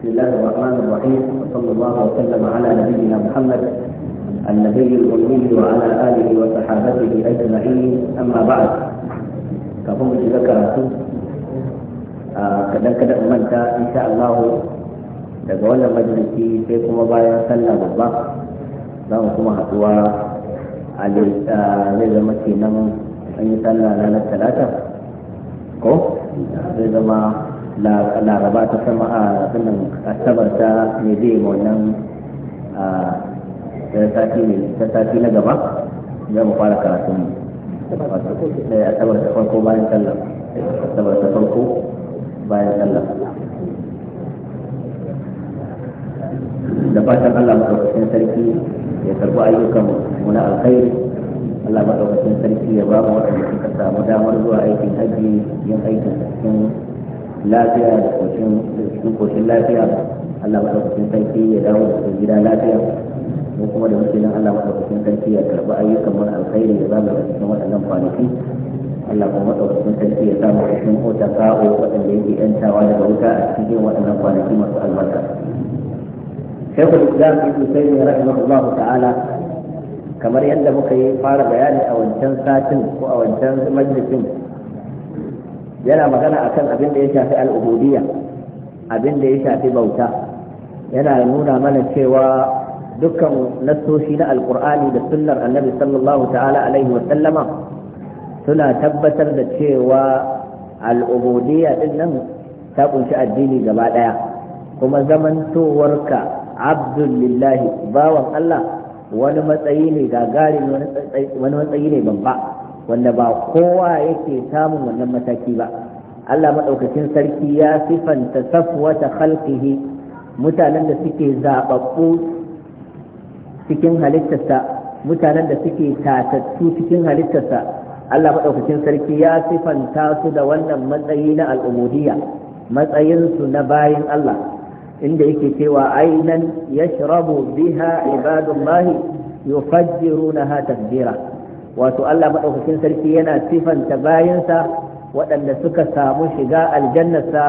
بسم الله الرحمن الرحيم وصلى الله وسلم على نبينا محمد النبي الأمي وعلى آله وصحابته أجمعين أما بعد kafin mu shiga karatu kadan kadan manta insha allahu daga wannan majalisi sai kuma bayan sallah babba za mu kuma haduwa a zai zama kenan an yi ranar talata ko zai zama laraba ta sama a sannan asabar ta mai zai wannan ta sati na gaba za mu fara karatun mu eh, asabar ta farko bayan sallah asabar ta farko bayan sallah da fatan Allah maɗaukakin sarki ya karɓi ayyukan mu na alkhairi Allah maɗaukakin sarki ya ba mu waɗanda suka samu damar zuwa aikin hajji yin aikin cikin lafiya da koshin cikin koshin lafiya Allah madaukakin sarki ya dawo da su gida lafiya ko kuma da muke nan Allah madaukakin sarki ya karɓi ayyukan mana alkhairi da zamu ga cikin waɗannan kwanaki Allah kuma madaukakin sarki ya samu cikin hota ka'o waɗanda yake yantawa daga wuta a cikin waɗannan kwanaki masu albarka Shaikh Islam Ibn Taymiyyah rahimahullahu ta'ala kamar yadda muka yi fara bayani a wancan satin ko a wancan majalisin yana magana kan abin da ya shafi al'ubudiyya abin da ya shafi bauta yana nuna mana cewa dukkan nassoshi na alkur'ani da sunnar annabi sallallahu ta'ala alaihi suna tabbatar da cewa al'ubudiyya din nan ta kunshi addini gaba daya kuma zamantowarka abdul lillahi bawan Allah wani matsayi ne gagarin wani matsayi ne babba wanda ba kowa yake samun wannan mataki ba Allah maɗaukacin sarki ya sifanta ta khalqihi mutanen da suke zaɓaɓɓu cikin halittarsa mutanen da suke tatattu cikin halittarsa Allah maɗaukacin sarki ya sifanta su da wannan matsayi na al'ubudiyya matsayinsu na bayan Allah inda yake cewa ainan yashrabu biha ibadullahi yufajjirunaha tadbira wato Allah maɗaukakin sarki yana sifanta bayansa waɗanda suka samu shiga aljannarsa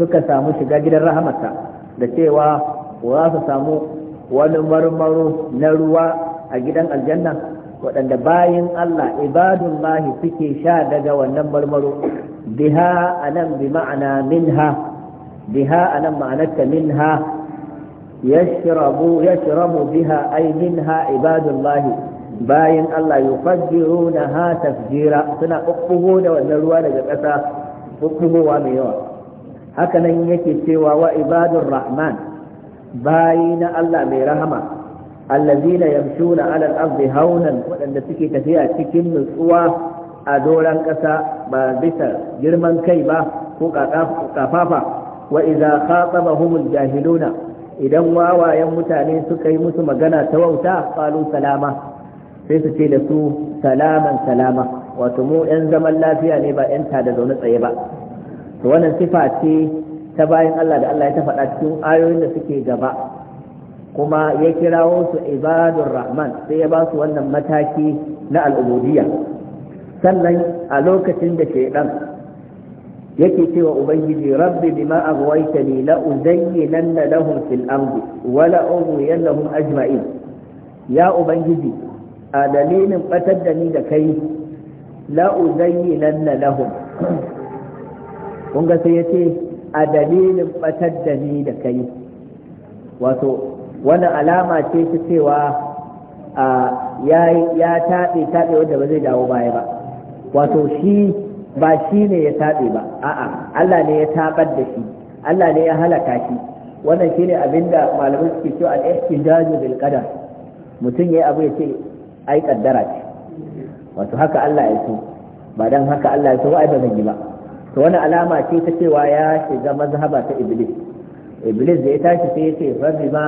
suka samu shiga gidan rahamarsa da cewa za su samu wani marmaro na ruwa a gidan aljanna waɗanda bayan Allah ibadun lahi suke sha daga wannan marmaro biha nan bi ma'ana minha biha nan ma'anarta minha yashrabu yashrabu biha ay minha ibadun lahi bayan Allah yufajjiru na ha tafjira suna bubbugo da wannan ruwa daga ƙasa bubbugowa mai yawa haka nan yake cewa wa ibadur rahman bayi na Allah mai rahama allazina yamshuna ala al-ardi haunan waɗanda suke tafiya cikin nutsuwa a doran ƙasa ba bisa girman kai ba ko kafafa wa idza khatabahumul jahiluna idan wawayen mutane suka yi musu magana ta wauta qalu salama sai su ce da su salaman salama wato mu yan zaman lafiya ne ba yan da zaune tsaye ba to wannan sifa ce ta bayan Allah da Allah ya ta faɗa cikin ayoyin da suke gaba kuma ya kirawo su ibadur rahman sai ya ba su wannan mataki na al'ubudiyya sannan a lokacin da shaidan yake cewa ubangiji rabbi bima aghwaytani la uzayyinanna lahum fil ardi wa la ajma'in ya ubangiji a dalilin batar da ni da kai la uzayyinanna lahum kun ga sai yace a dalilin batar da ni da kai wato wannan alama ce ta cewa ya ya taɓe taɓe wanda ba zai dawo baya ba wato shi ba shi ne ya taɓe ba a'a Allah ne ya taɓar da shi Allah ne ya halaka shi wannan shine abinda malamai suke cewa al-ihtijaju bil qadar mutum yayi abu ya ce ai kaddara ce wato haka Allah ya so ba dan haka Allah ya so ai ba zan yi ba to wani alama ce ta cewa ya shiga mazhaba ta iblis iblis da ya tashi sai ya ce ma bima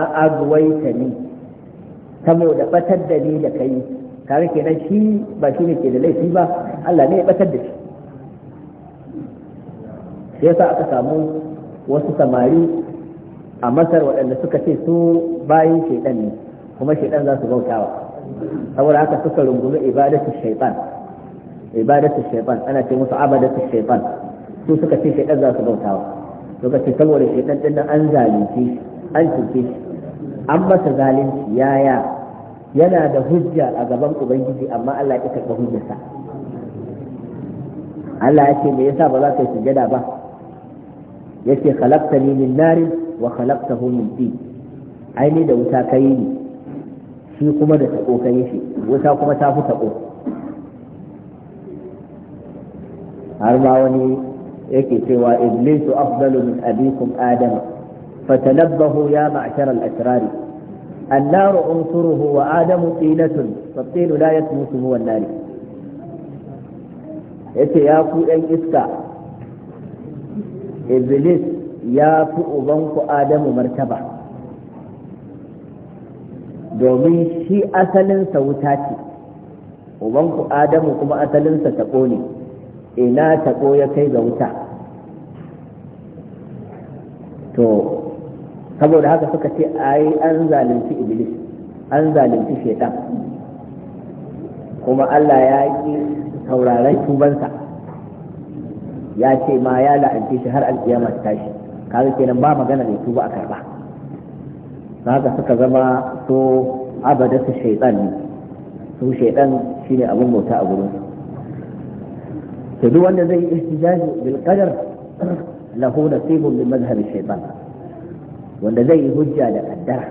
ni. saboda batar da ni da kai kare kenan shi ba shi ne ke da laifi ba Allah ne ya batar da shi sai yasa aka samu wasu samari a masar waɗanda suka ce su bayan shaidan ne kuma shaidan za su bautawa saboda haka suka rungumi ibadatu shaitan ibadatu shaitan ana ce musu abadatu shaitan su suka ce shaitan za su bautawa suka ce saboda shaitan din nan an zalunci an cuce an masa zalunci yaya yana da hujja a gaban ubangiji amma Allah ya karɓa hujjarsa Allah ya ce me yasa ba za ka yi sujada ba yace khalaqtani min narin wa khalaqtahu min tin ai da wuta kai ne. shi kuma da taɓo ka yi shi wuta kuma ta fi taɓo har ma wani yake cewa iblisu afdalu min abikum adama fatanabbahu ya ma'shar al-asrari wa Adamu وآدم طينة فالطين لا يسمس هو النار yace ya ku ɗan iska iblis ya fi ubanku adamu martaba domin shi asalinsa wuta ce ubanku adamu kuma asalinsa taɓo ne ina taɓo ya kai ga wuta to saboda haka suka ce ai an zalunci iblis an zalunci shaitan kuma allah ya ƙi sauraron tubansa ya ce ma ya la'anci shi har alƙiyama ta tashi kaga kenan ba magana ne tuba a karɓa. haka suka zama so abada su shaitan ne su shaitan shine abin bauta a gurin to duk wanda zai yi ihtijaji bil qadar lahu nasibun min madhhab shaitan wanda zai yi hujja da kaddara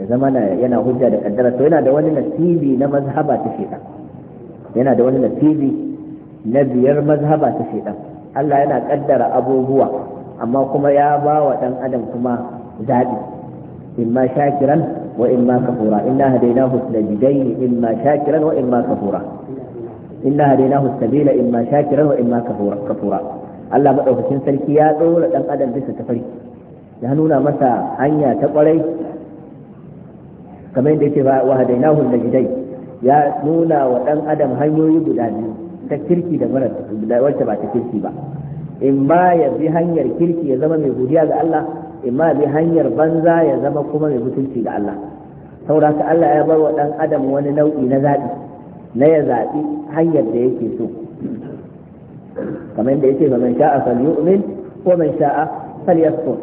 ya zama yana hujja da kaddara to yana da wani nasibi na mazhaba ta shaitan yana da wani nasibi na biyar mazhaba ta shaitan Allah yana kaddara abubuwa amma kuma ya ba wa dan adam kuma zaɓi إما شاكرا وإما كفورا إنا هديناه السبيلين إما شاكرا وإما كفورا إنا هديناه السبيل إما شاكرا وإما كفورا كفورا Allah maɗaukakin sarki ya ɗora ɗan adam bisa tafarki ya nuna masa hanya ta ƙwarai kamar yadda yake ba wa hadainahu najdai ya nuna wa ɗan adam hanyoyi guda biyu ta kirki da mara wacce ba ta kirki ba in ya hanyar kirki ya zama mai godiya ga Allah imma bi hanyar banza ya zama kuma mai mutunci ga Allah saboda ka Allah ya bar wa dan adam wani nau'i na zaɓi na ya zaɓi hanyar da yake so kamar da yake ba man sha'a falyu'min ko man sha'a falyasfur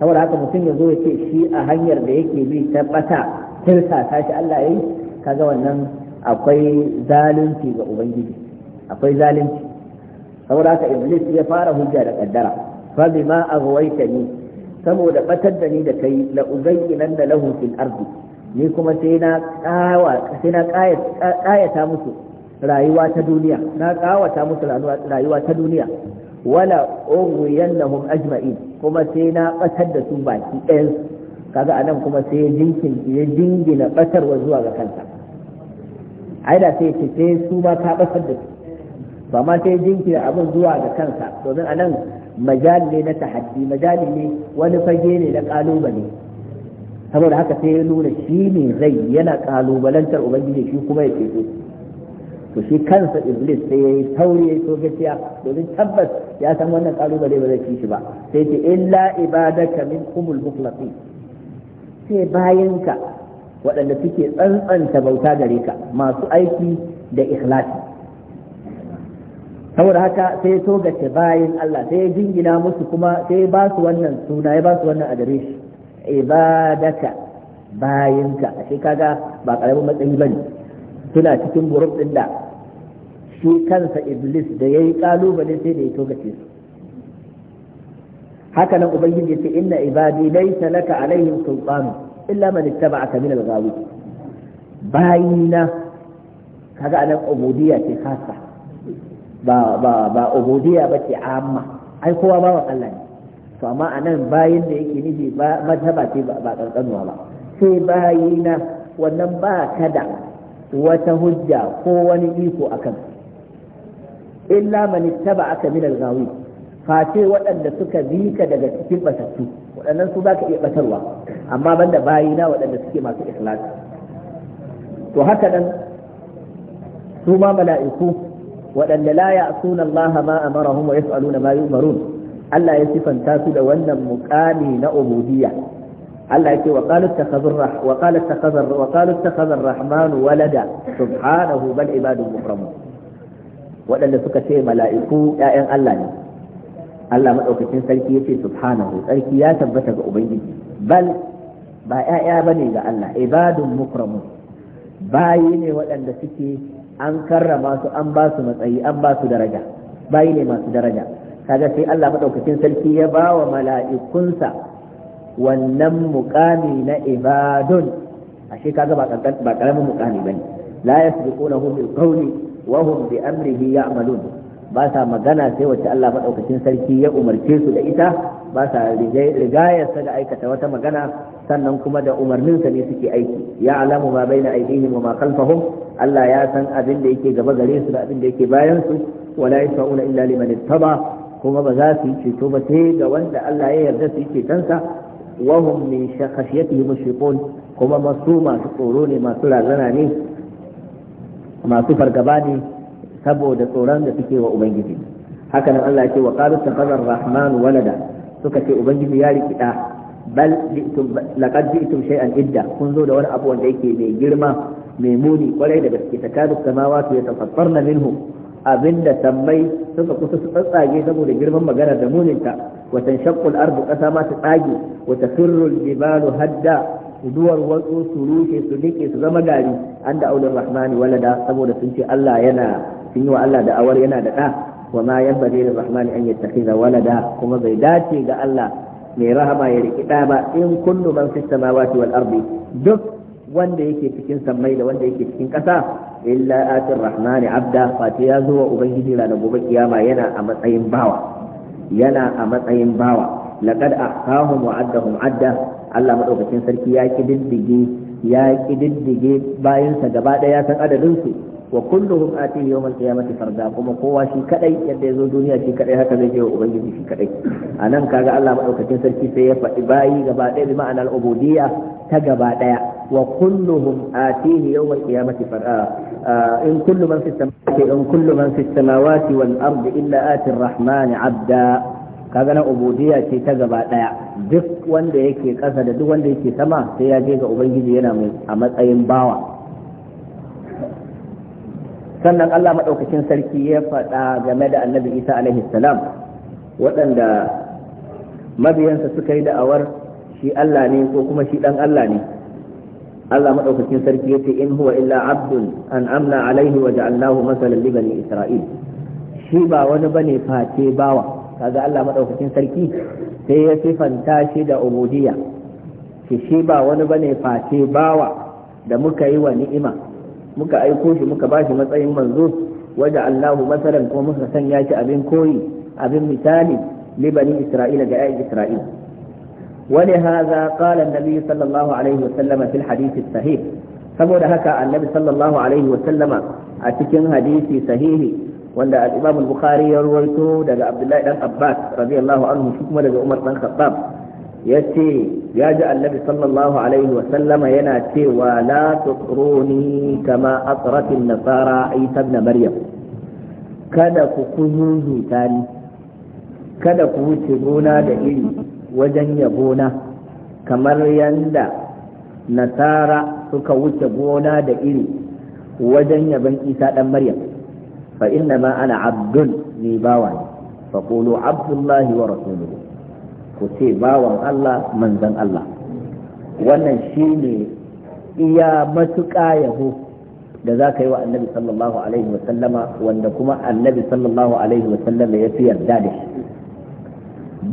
saboda haka mutum ya zo ya ce shi a hanyar da yake bi ta bata tirsa ta shi Allah ya yi kaga wannan akwai zalunci ga ubangiji akwai zalunci saboda haka iblis ya fara hujja da kaddara fa bima aghwaytani saboda batar da ni da kai la uzayyinan da lahu fil ardi ni kuma sai na kawa sai na kayata musu rayuwa ta duniya na kawata musu rayuwa ta duniya wala ughwiyannahum ajma'in kuma sai na batar da su baki ɗayan kaga anan kuma sai ya jinkin ya jingina batarwa zuwa ga kansa. ai da sai ce sai su ma ka batar da su ba ma sai jinkina abin zuwa ga kansa domin anan majali ne na tahaddi majali ne wani fage ne na kalubale saboda haka sai ya nuna shi ne zai yana kalubalantar ubangiji shi kuma ya ceto to shi kansa iblis sai ya yi tauri ya yi gaskiya domin tabbas ya san wannan kalubale ba zai ci shi ba sai ce illa ibadaka min kumul mukhlasin sai ka waɗanda suke tsantsanta bauta gare ka masu aiki da ikhlasi saboda haka sai ya togace bayan Allah sai ya jingina musu kuma sai ya ba su wannan suna ya ba su wannan adireshi ibadaka bayinka shi kaga ba karamin matsayi ba ne suna cikin gurub din da shi kansa iblis da yayi kalubale sai da ya togace su haka nan ubangiji ya ce inna ibadi laysa laka alaihim sultanu illa man ittaba'aka min al-ghawi bayina kaga anan ubudiyya ce khassa ba obodiya ba a ce amma ai kowa bawan Allah ne to amma anan bayin da yake nufi ba mazhaba ce ba kankanuwa ba sai bayi na wannan ba kada wata hujja ko wani iko akan illa man ittaba aka min al-ghawi face waɗanda suka bi ka daga cikin batattu waɗannan su zaka iya batarwa amma banda na waɗanda suke masu ikhlas to haka nan su ma mala'iku waɗanda la ya'suna Allah ma amarahum wa yaf'aluna ma yu'marun Allah ya sifanta su da wannan muqami na ubudiyya Allah yake wa qalu takhazur rah wa qala takhazur wa qalu takhazur rahman walada subhanahu bal ibadun mukramun waɗanda suka ce mala'iku ƴaƴan Allah ne Allah madaukakin sarki yace subhanahu sarki ya tabbata ga ubangiji bal ba ƴaƴa bane ga Allah ibadun mukramun bayi ne waɗanda suke an karrama su an ba su matsayi an ba su daraja bayi ne masu daraja kaga sai Allah madaukakin sarki ya ba wa mala'ikunsa wannan mukami na ibadun ashe kaga ba ba karamin mukami bane la yasbiqunahu bil qawli wa hum bi amrihi ya'malun ba sa magana sai wacce Allah madaukakin sarki ya umarce su da ita ba sa rigayarsa da aikata wata magana sannan kuma da umarninsa ne suke aiki ya alamu ma baina aidihim wa ma khalfahum Allah ya san abin da yake gaba gare su da abin da yake bayan su wala yashfa'una illa liman ittaba kuma ba za su yi ceto ba sai ga wanda Allah ya yarda su yi cetonsa wa hum min shakhashiyatihi mushriqun kuma masu masu tsoro ne masu razana ne masu fargaba ne saboda tsoron da suke wa ubangiji hakanan Allah ya ce wa qalu takhadha ar-rahman walada suka ce ubangiji ya riki da bal laqad ji'tum shay'an idda kun zo da wani abu wanda yake mai girma mai muni kwarai da gaske ta kadu samawati na minhu abinda sammai suka kusa su tsatsage saboda girman magana da muninta wa tanshaqqu al-ardu qasa ma tsage wa tafirru al hadda duwar wasu su rushe su dike su zama gari an da aulur rahmani walada saboda sun ce Allah yana sun yi wa Allah da awar yana da da wa ma yanbaghi lir rahmani an yattakhidha walada kuma bai dace ga Allah mai rahama ya riki ɗa ba in kullu man fi samawati wal ardi duk wanda yake cikin sammai da wanda yake cikin ƙasa illa atir rahmani abda fati ya zo wa ubangiji ranar gobe kiyama yana a matsayin bawa yana a matsayin bawa laqad ahsahum wa addahum adda Allah madaukakin sarki ya diddige ya kididdige bayansa gaba ɗaya san adadin su wa kulluhum atihi yawmal qiyamati farda kuma kowa shi kadai yadda yazo duniya shi kadai haka zai je wa ubangiji shi kadai anan kaga Allah madaukakin sarki sai ya faɗi bayi gaba ɗaya bi ma'ana al-ubudiyya ta gaba ɗaya wa kulluhum atihi yawmal qiyamati farda in kullu man fis in kullu man fis samawati wal ardi illa ati ar-rahmani abda kaga na ubudiyya ce ta gaba ɗaya duk wanda yake ƙasa da duk wanda yake sama sai ya je ga ubangiji yana mai a matsayin bawa sannan Allah maɗaukakin sarki ya faɗa game da annabi isa alaihi salam waɗanda mabiyansa suka yi da'awar shi Allah ne ko kuma shi ɗan Allah ne Allah maɗaukakin sarki ya ce in huwa illa abdun an amna alaihi wa ja'alnahu masalan li bani isra'il shi ba wani bane face bawa kaga Allah maɗaukakin sarki sai ya sifanta shi da ubudiyya shi ba wani bane face bawa da muka yi wa ni'ima muka aiko shi muka bashi matsayin manzo wajen Allahu masalan kuma muka sanya shi abin koyi abin misali li bani Isra'ila ga ayyin Isra'ila wani haza qala annabi sallallahu alaihi wa sallama fil hadisi sahih saboda haka annabi sallallahu alaihi wa sallama a cikin hadisi sahihi wanda al-Imam al-Bukhari ya ruwaito daga Abdullahi dan Abbas radiyallahu anhu kuma daga Umar dan Khattab yace ya ji annabi sallallahu alaihi wa yana cewa la tutruni kama asratin nasara isa ibn maryam kada ku kuzuzu tani kada ku wuce gona da iri wajen yabona kamar yanda nasara suka wuce gona da iri wajen yaban isa dan maryam fa inna ma ana abdun ni bawa fa qulu abdullahi wa rasuluhu ku ce bawan Allah manzan Allah wannan shi ne iya matuƙa yaho da za ka yi wa annabi sallallahu alaihi wa wanda kuma annabi sallallahu alaihi wa ya fi yarda da shi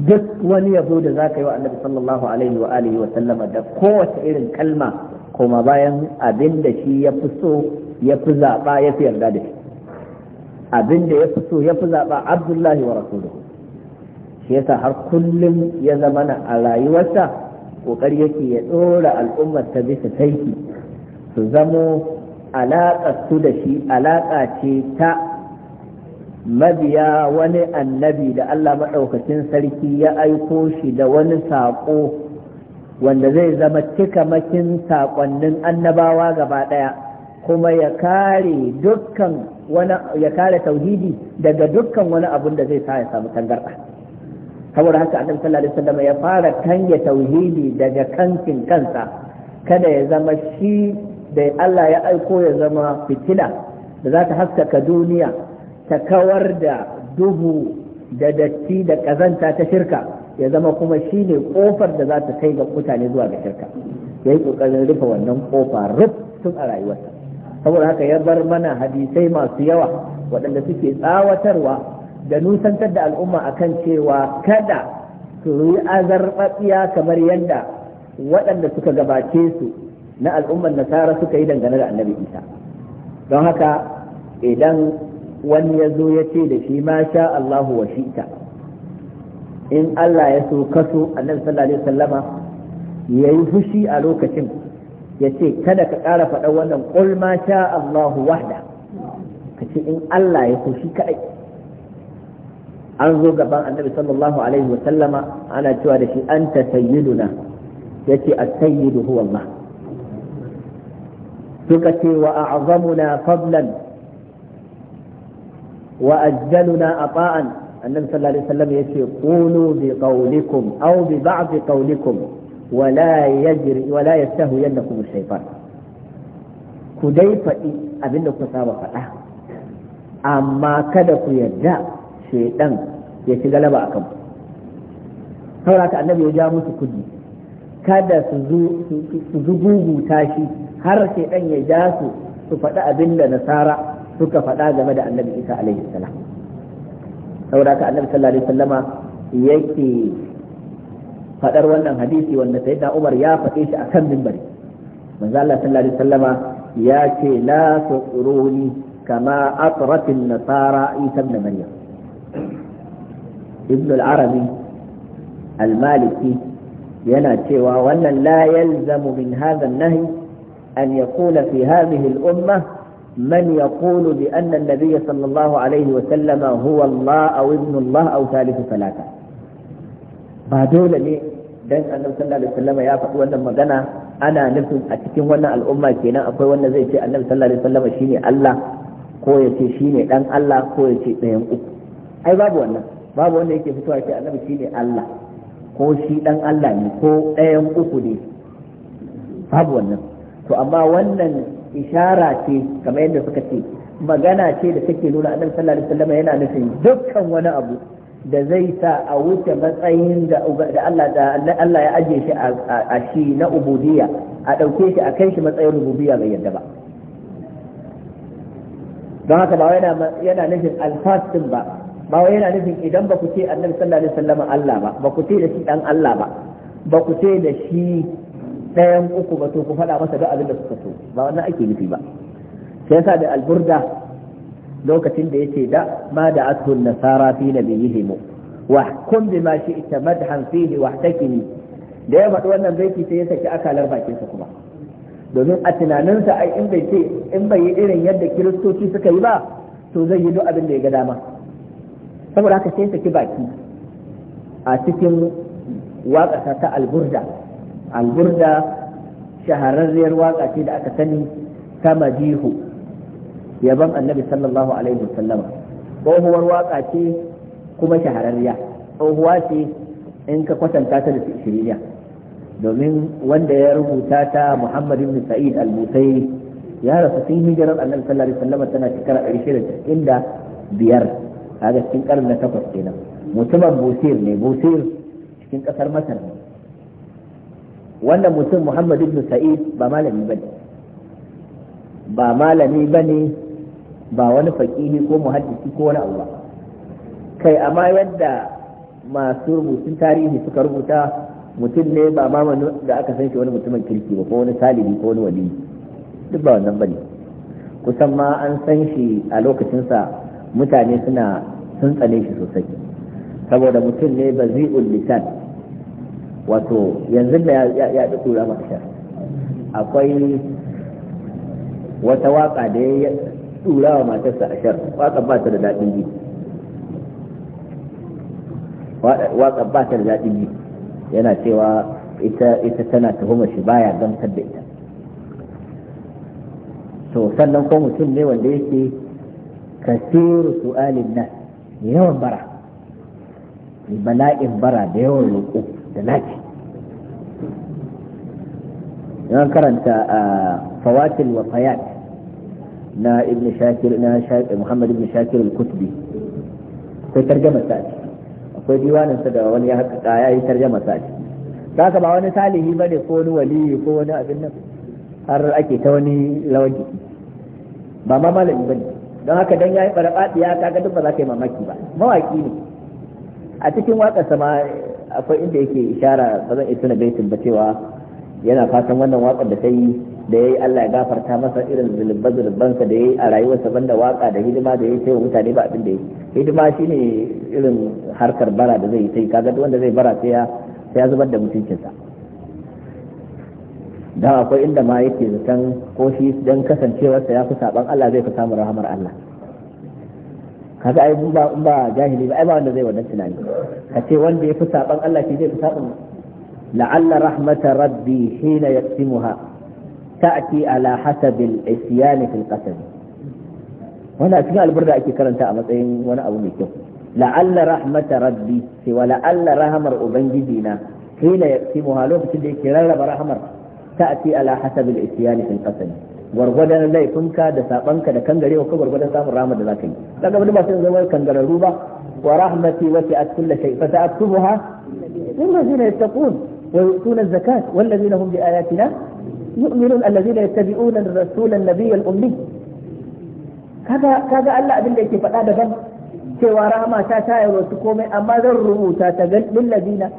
duk wani yabo da za ka yi wa annabi sallallahu alaihi wa alihi wa da kowace irin kalma kuma bayan abin da shi ya fi so ya fi zaɓa ya fi yarda da shi abin da ya fi so ya fi zaɓa abdullahi wa rasuluhu shi yasa har kullum ya zama na a rayuwarsa ƙoƙari yake ya dora al'ummar ta bisa taiki su zamo alaƙa su da shi alaƙa ce ta mabiya wani annabi da Allah maɗaukacin sarki ya aiko shi da wani saƙo wanda zai zama cikamakin saƙonnin annabawa gaba ɗaya kuma ya kare dukkan wani ya kare tauhidi daga dukkan wani abun da zai sa ya samu tangarɗa saboda haka annabi sallallahu alaihi wasallam ya fara kanya tauhidi daga kankin kansa kada ya zama shi da Allah ya aiko ya zama fitila da za ta haskaka duniya ta kawar da duhu da datti da kazanta ta shirka ya zama kuma shi ne kofar da za ta kai ga mutane zuwa ga shirka ya yi ƙoƙarin rufe wannan kofa ruf tun a rayuwarsa saboda haka ya bar mana hadisai masu yawa waɗanda suke tsawatarwa da nusantar da al'umma akan cewa kada su yi azarbaɓiya kamar yadda waɗanda suka gabace su na al'ummar nasara suka yi dangane da annabi isa don haka idan wani ya zo ya ce da shi ma sha Allahu wa shi'ta in Allah ya so kaso annabi sallallahu alaihi wasallama ya yi fushi a lokacin ya ce kada ka ƙara faɗa wannan ƙul ma sha Allahu wahda ka ce in Allah ya so shi kaɗai an zo gaban annabi sallallahu alaihi wa sallama ana cewa da shi anta sayyiduna yace as-sayyidu huwa Allah suka ce wa a'zamuna fadlan wa ajjaluna ata'an annabi sallallahu alaihi wa ya ce qulu bi qawlikum aw bi ba'd qawlikum wa la yajri wa la yastahu yanakum shaytan ku dai faɗi abinda ku saba faɗa amma kada ku yadda. shedan ya ci galaba a kan saboda ka annabi ya ja musu kudi kada su zugugu tashi har shedan ya ja su su faɗi abin da nasara suka faɗa game da annabi isa alaihi salam saboda ka annabi sallallahu alaihi sallama yake faɗar wannan hadisi wanda da umar ya faɗe shi akan minbari manzo Allah sallallahu alaihi sallama ya ce la tuquruni kama atratin nasara isa ibn maryam ibn al-arabi al-maliki yana cewa wannan la yalzamu min hadha an-nahy an yakuna fi من يقول بأن النبي صلى الله عليه وسلم هو الله أو ابن الله أو ثالث ثلاثة ba dole ne dan annabi sallallahu alaihi wasallam ya faɗi wannan magana ana nufin a cikin wannan al'umma kenan akwai wanda zai ce annabi sallallahu alaihi wasallam shine Allah ko ya ce shine dan Allah ko ya ce babu wanda yake fitowa ce annabi shi ne Allah ko shi dan Allah ne ko ɗayan uku ne babu wannan to amma wannan ishara ce kamar yadda suka ce magana ce da take nuna annabi sallallahu alaihi wasallam yana nufin dukkan wani abu da zai sa a wuce matsayin da Allah da Allah ya aje shi a shi na ubudiyya a ɗauke shi a kai shi matsayin rububiyya bai yadda ba don haka ba yana nufin alfasin ba ba wai yana nufin idan ba ku ce annabi sallallahu alaihi wasallam Allah ba ba ku ce da shi dan Allah ba ba ku ce da shi ɗayan uku ba to ku faɗa masa duk abin da suka so ba wannan ake nufi ba sai yasa da alburda lokacin da yace da ma da athun nasara fi nabiyihim wa kun bima shi'ta madhan fihi wahtakini da ya faɗi wannan baiti sai ya saki akalar bakin sa kuma domin a tunaninsa ai in bai ce in bai yi irin yadda kiristoci suka yi ba to zai yi duk abin da ya ga dama saboda haka sai saki baki a cikin waƙasa ta alburda alburda shahararriyar waƙa ce da aka sani ta majihu yaban annabi sallallahu alaihi wasallama tsohuwar waƙa ce kuma shahararriya tsohuwa ce in ka kwatanta ta da shirya domin wanda ya rubuta ta muhammad ibn sa'id al-musairi ya rasu sun hijirar annabi sallallahu alaihi wasallama tana shekara 195 kaga cikin karin na takwas kenan mutumin busir ne busir cikin kasar masar ne wannan mutum muhammad ibn sa'id ba malami ne ba malami ne ba wani faƙihi ko muhaddisi ko wani abu ba kai amma yadda masu rubutun tarihi suka rubuta mutum ne ba ma da aka san shi wani mutumin kirki ba ko wani salibi ko wani wali duk ba wannan bane kusan ma an san shi a lokacinsa mutane suna sun tsane shi sosai saboda mutum ne ba zi'ul san wato yanzu da ya ɗi tura maka akwai wata waka da ya tura wa matarsa a shar waka ba ta da daɗin ji waka ba ta da daɗin ji yana cewa ita tana tuhumar shi baya gamsar da ita to sannan ko mutum ne wanda yake kasiru su'alin nas yawan bara bala'in bara da yawan roƙo da naci yawan karanta a fawatil wa fayat na ibn shakir na muhammad ibn shakir al kutubi akwai tarjama sa akwai diwanin sa da wani ya haka ya yi tarjama sa ta ba wani salihi ba ne ko wani waliyu, ko wani abin nan har ake ta wani lawan jiki ba ma malami ba ne don haka don dan yayi farfadiya kaga duk ba za ka yi mamaki ba mawaki ne a cikin wakar sama akwai inda yake ishara ba zan iya tuna baitin ba cewa yana fatan wannan waƙar da ta yi da yi Allah ya gafarta masa irin zulubba sa da ya yi a rayuwarsa banda waka da hidima da ya yi taiwa mutane ba abin da yi hidima shine irin harkar bara da zai yi sai kaga duk wanda zai bara sai ya zubar da mutuncinsa dan akwai inda ma yake zaton ko shi dan kasancewarsa ya fi saban Allah zai fi samun rahamar Allah kaga ai ba ba jahili ba ai ba wanda zai wannan tunani kace wanda ya fi saban Allah shi zai fi saban la'alla rahmata rabbi hina yaqsimuha ta'ti ala hasabil isyan fil qasam wannan cikin alburda ake karanta a matsayin wani abu mai kyau la'alla rahmata rabbi sai wa la'alla rahamar ubangiji na hina yaqsimuha lokacin da yake rarraba rahamar ta'ati ala hasabil isyan fil qasam gwargwadon laifinka da sabanka da kangarewa ka gwargwadon samun rahama da zaka yi kaga wani ba sai zama kangararru ba wa rahmati wasi'at kulli shay fa ta'tubuha lillazina yattaqun wa yu'tuna az-zakat wallazina hum bi ayatina yu'minun allazina yattabi'una ar-rasula an-nabiyya al-ummi kaga kaga Allah abin da yake faɗa daban cewa rahama ta ta yi wasu komai amma zan rubuta ta ga lillazina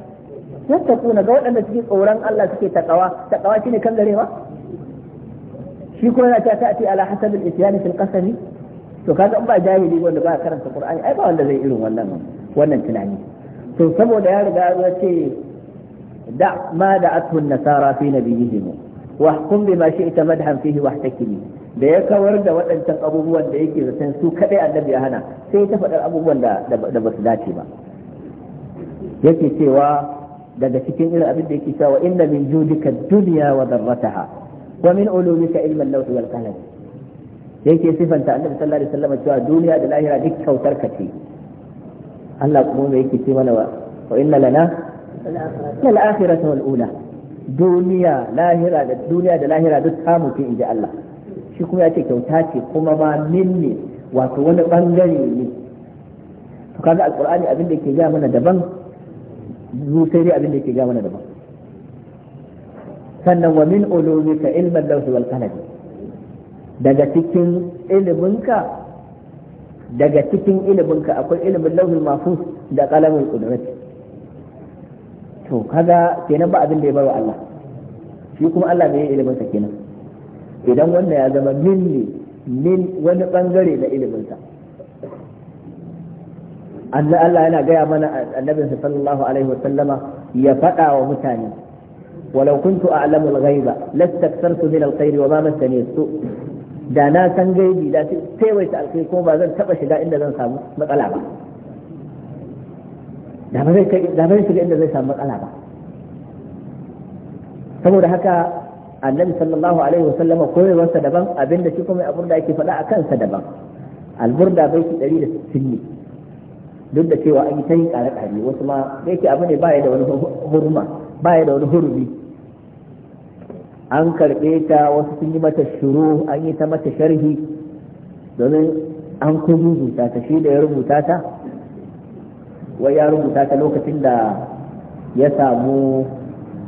yattaquna ga waɗanda suke tsoron Allah suke takawa takawa shine kan garewa shi ko yana ta tati ala hasabil isyani fil qasami to kaga in ba jahili wanda ba karanta qur'ani ai ba wanda zai irin wannan wannan tunani to saboda ya riga ya ce da ma da atun nasara fi nabiyihim wa hukum bima shi'ta madhan fihi wahtakimi da ya kawar da waɗancan abubuwan da yake zaton su kadai annabi ya hana sai ta faɗar abubuwan da da basu dace ba yake cewa daga cikin irin abin da yake cewa inna min judika dunya wa darrataha wa min ulumika ilman lawhi wal qalam yake sifanta annabi sallallahu alaihi wasallam cewa duniya da lahira duk kyautar ka ce Allah kuma me yake ce mana wa wa inna lana lal akhirata wal ula duniya lahira da duniya da lahira duk ta mutu inji Allah shi kuma yace ce kyauta ce kuma ma minni wato wani bangare ne to kaga alqur'ani abin da ke ga mana daban mu sai dai abin da yake ga mana daban sannan wa min ulumika ilman lawhi wal qalam daga cikin iliminka daga cikin iliminka akwai ilimin lawhul mahfuz da qalamul qudrat to kaga kenan ba abin da ya bar wa Allah shi kuma Allah yi ilimin sa kenan idan wannan ya zama min ne wani bangare na ilimin sa Allah Allah yana gaya mana annabinsa sallallahu alaihi wa sallama ya faɗa wa mutane walau kuntu a'lamu al-ghaiba lastaktartu min al-khairi wa ma massani su da na san gaibi da sai ta alkai kuma ba zan taba shiga inda zan samu matsala ba da ba zai shiga inda zai samu matsala ba saboda haka annabi sallallahu alaihi wa wasallam koyarwarsa daban abinda shi kuma abin da ake faɗa a kansa daban alburda baiti 160 ne duk da cewa an yi ta yin ƙara ƙari wasu ma yake abu ne baya da wani hurma baya da wani hurmi an karɓe ta wasu sun yi mata shuru an yi ta mata sharhi domin an kuzuzuta ta shi da ya rubuta ta wai ya rubuta ta lokacin da ya samu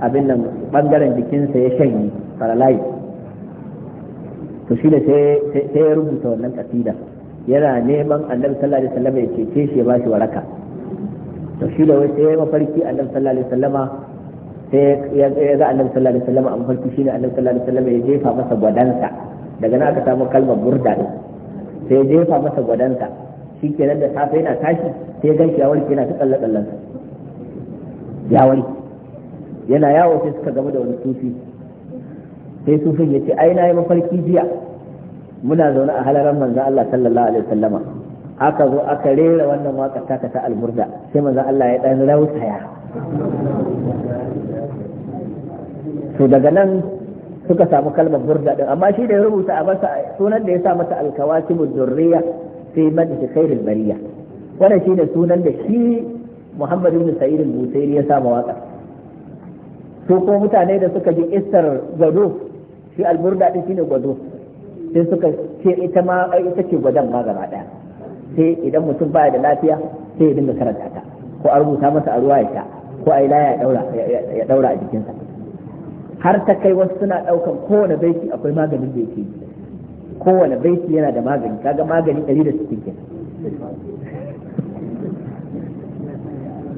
abin nan bangaren jikinsa ya shanye paralyze to shi da sai ya rubuta wannan kasida yana neman annabi sallallahu alaihi wasallam ya cece shi ya ba shi waraka to shi da wai sai mafarki annabi sallallahu alaihi wasallama sai ya ga annabi sallallahu alaihi wasallama a mafarki shine annabi sallallahu alaihi wasallama ya jefa masa gwadansa daga nan aka samu kalmar burda sai ya jefa masa gwadansa shi kenan da safe yana tashi sai ya shi ya warke yana ta tsalle tsallensa ya warke yana yawo sai suka gaba da wani sufi sai sufin ya ce ai na yi mafarki jiya muna zaune a halaran manzon Allah sallallahu alaihi wasallama aka zo aka rera wannan waka taka ta alburda sai manzon Allah ya ɗan rausaya to daga nan suka samu kalmar burda din amma shi da ya rubuta a masa sunan da ya sa mata alkawakibud durriya fi madhi khairil bariya wannan shi da sunan da shi Muhammad ibn Sa'id al-Busairi ya sa waka to ko mutane da suka ji istar gado shi alburda din shine gado sai suka ce ita ma ita ce gwadan ma gaba daya sai idan mutum baya da lafiya sai ya dinga karanta ta ko a rubuta masa a ruwa ya sha ko a ilaya ya daura a jikinsa har ta kai wasu suna daukan kowane baiti akwai maganin da yake kowane baiti yana da magani kaga magani 160 kenan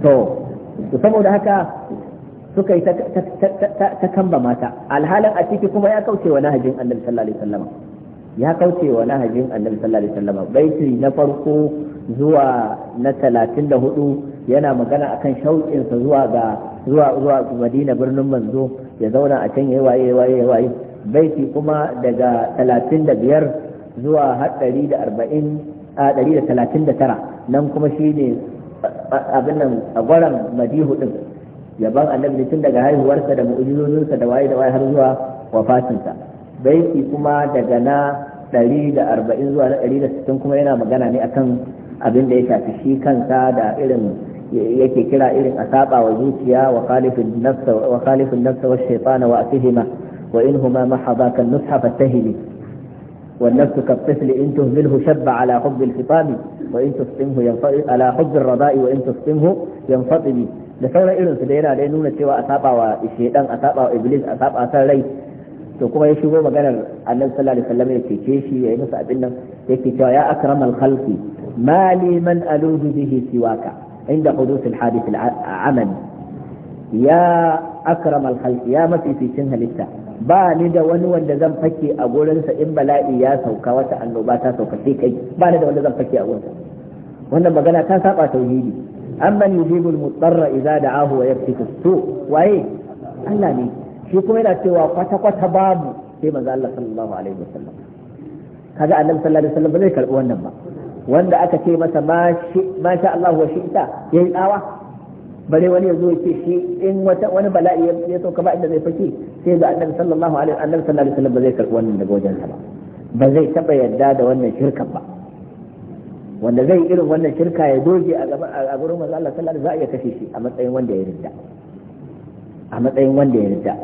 to saboda haka suka yi ta kamba mata alhalin a ciki kuma ya kauce wa nahajin annabi sallallahu alaihi wasallam ya kauce wa nahajin annabi sallallahu alaihi wasallam baiti na farko zuwa na 34 yana magana akan shauƙin sa zuwa ga zuwa zuwa Madina birnin manzo ya zauna a can yayi waye waye waye baiti kuma daga 35 zuwa har 140 a 139 nan kuma shine abin nan a gwaran madihu din yaban annabi tun daga haihuwarsa da mu'ujizozinsa da waye da waye har zuwa wafatinsa baiti kuma daga na ɗari da arba'in zuwa na ɗari da sittin kuma yana magana ne akan abin da ya shafi shi kansa da irin yake kira irin a saba wa zuciya wa khalifin nafsa wa khalifin wa shaytana wa asihima wa in huma mahadha kan nusha fatahili wa nafsu ka tifli in tuhmilhu shabba ala hubb al fitami wa in tustimhu yanfati ala hubb al wa in tustimhu yanfati da sauran irin su da yana da nuna cewa a saba wa shaytan a saba wa iblis a saba san rai to kuma ya shigo maganar annabi sallallahu alaihi wasallam ya cece shi ya yi masa abin nan yake cewa ya akramal khalqi ma li man aludu bihi siwaka inda huduth al hadith al amali ya akramal khalqi ya mafificin halitta ba ni da wani wanda zan fake a gurinsa in bala'i ya sauka wata annoba ta sauka sai kai ba ni da wanda zan fake a gurinsa wannan magana ta saba tauhidi amman yujibul mudarra idza da'ahu wa yaktifu su waye Allah ne shi kuma yana cewa kwata-kwata babu sai manzo Allah sallallahu alaihi wasallam kaga annabi sallallahu alaihi wasallam bai karbi wannan ba wanda aka ce masa ma sha Allah wa shi ita yayi tsawa bare wani yazo yace shi in wata wani bala'i ya sauka ba inda zai fake sai ga annabi sallallahu alaihi annabi sallallahu alaihi wasallam bai karbi wannan daga wajen ba ba zai taba yadda da wannan shirkan ba wanda zai irin wannan shirka ya doge a gurin manzo Allah sallallahu alaihi wasallam za a iya kashe shi a matsayin wanda ya rinda a matsayin wanda ya rinda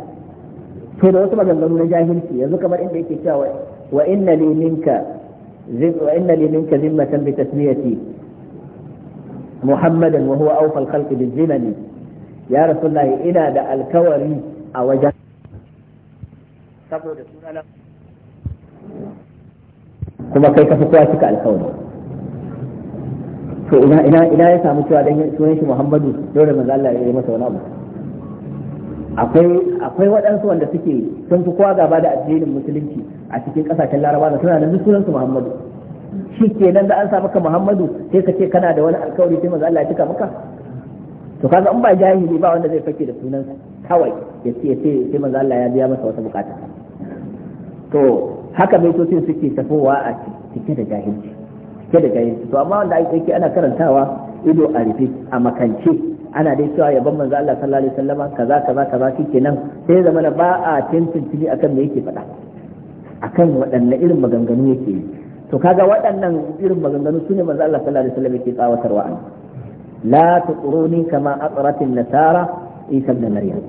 to da wasu maganganu na jahilci yanzu kamar inda yake cewa wa inna li minka wa inna li minka zimmatan bi tasmiyati muhammadan wa huwa awfa al-khalqi bil zimani ya rasulullahi ina da alkawari a wajen saboda sunana kuma kai ka fi kowa cika alkawari to ina ina ya samu cewa dan sunan shi muhammadu dole manzo Allah ya yi masa wani abu akwai waɗansu wanda suke sun fi kowa gaba da addinin musulunci a cikin ƙasashen laraba da suna nan sunansu muhammadu shi kenan da an sa maka muhammadu sai ka ce kana da wani alkawari sai maza Allah ya cika maka to kaga in ba jahili ba wanda zai fake da sunan kawai ya ce ya ce sai maza Allah ya biya masa wata bukata to haka sosai suke tafowa a cike da jahilci cike da jahilci to amma wanda ake ana karantawa ido a rufe a makance ana dai cewa yabon manzo Allah sallallahu alaihi wasallam kaza kaza kaza shikenan sai zama na ba a tantance akan me yake faɗa akan waɗanne irin maganganu yake yi to kaga waɗannan irin maganganu sune manzo Allah sallallahu alaihi wasallam yake tsawatarwa an la tuquruni kama aqratin nasara isa ibn maryam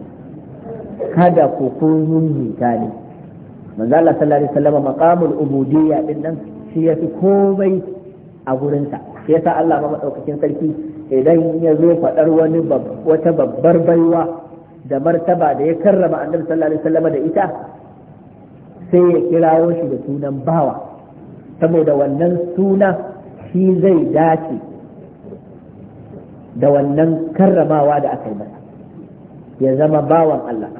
kada ku kunun hitali manzo Allah sallallahu alaihi wasallam maqamul ubudiyya din nan shi yafi komai a gurinsa Ya sa Allah ma madaukakin sarki idan ya zo faɗar wani wata babbar baiwa da martaba da ya karrama annabi sallallahu alaihi wasallam da ita sai ya kirawo shi da sunan bawa saboda wannan suna shi zai dace da wannan karramawa da aka yi masa ya zama bawan Allah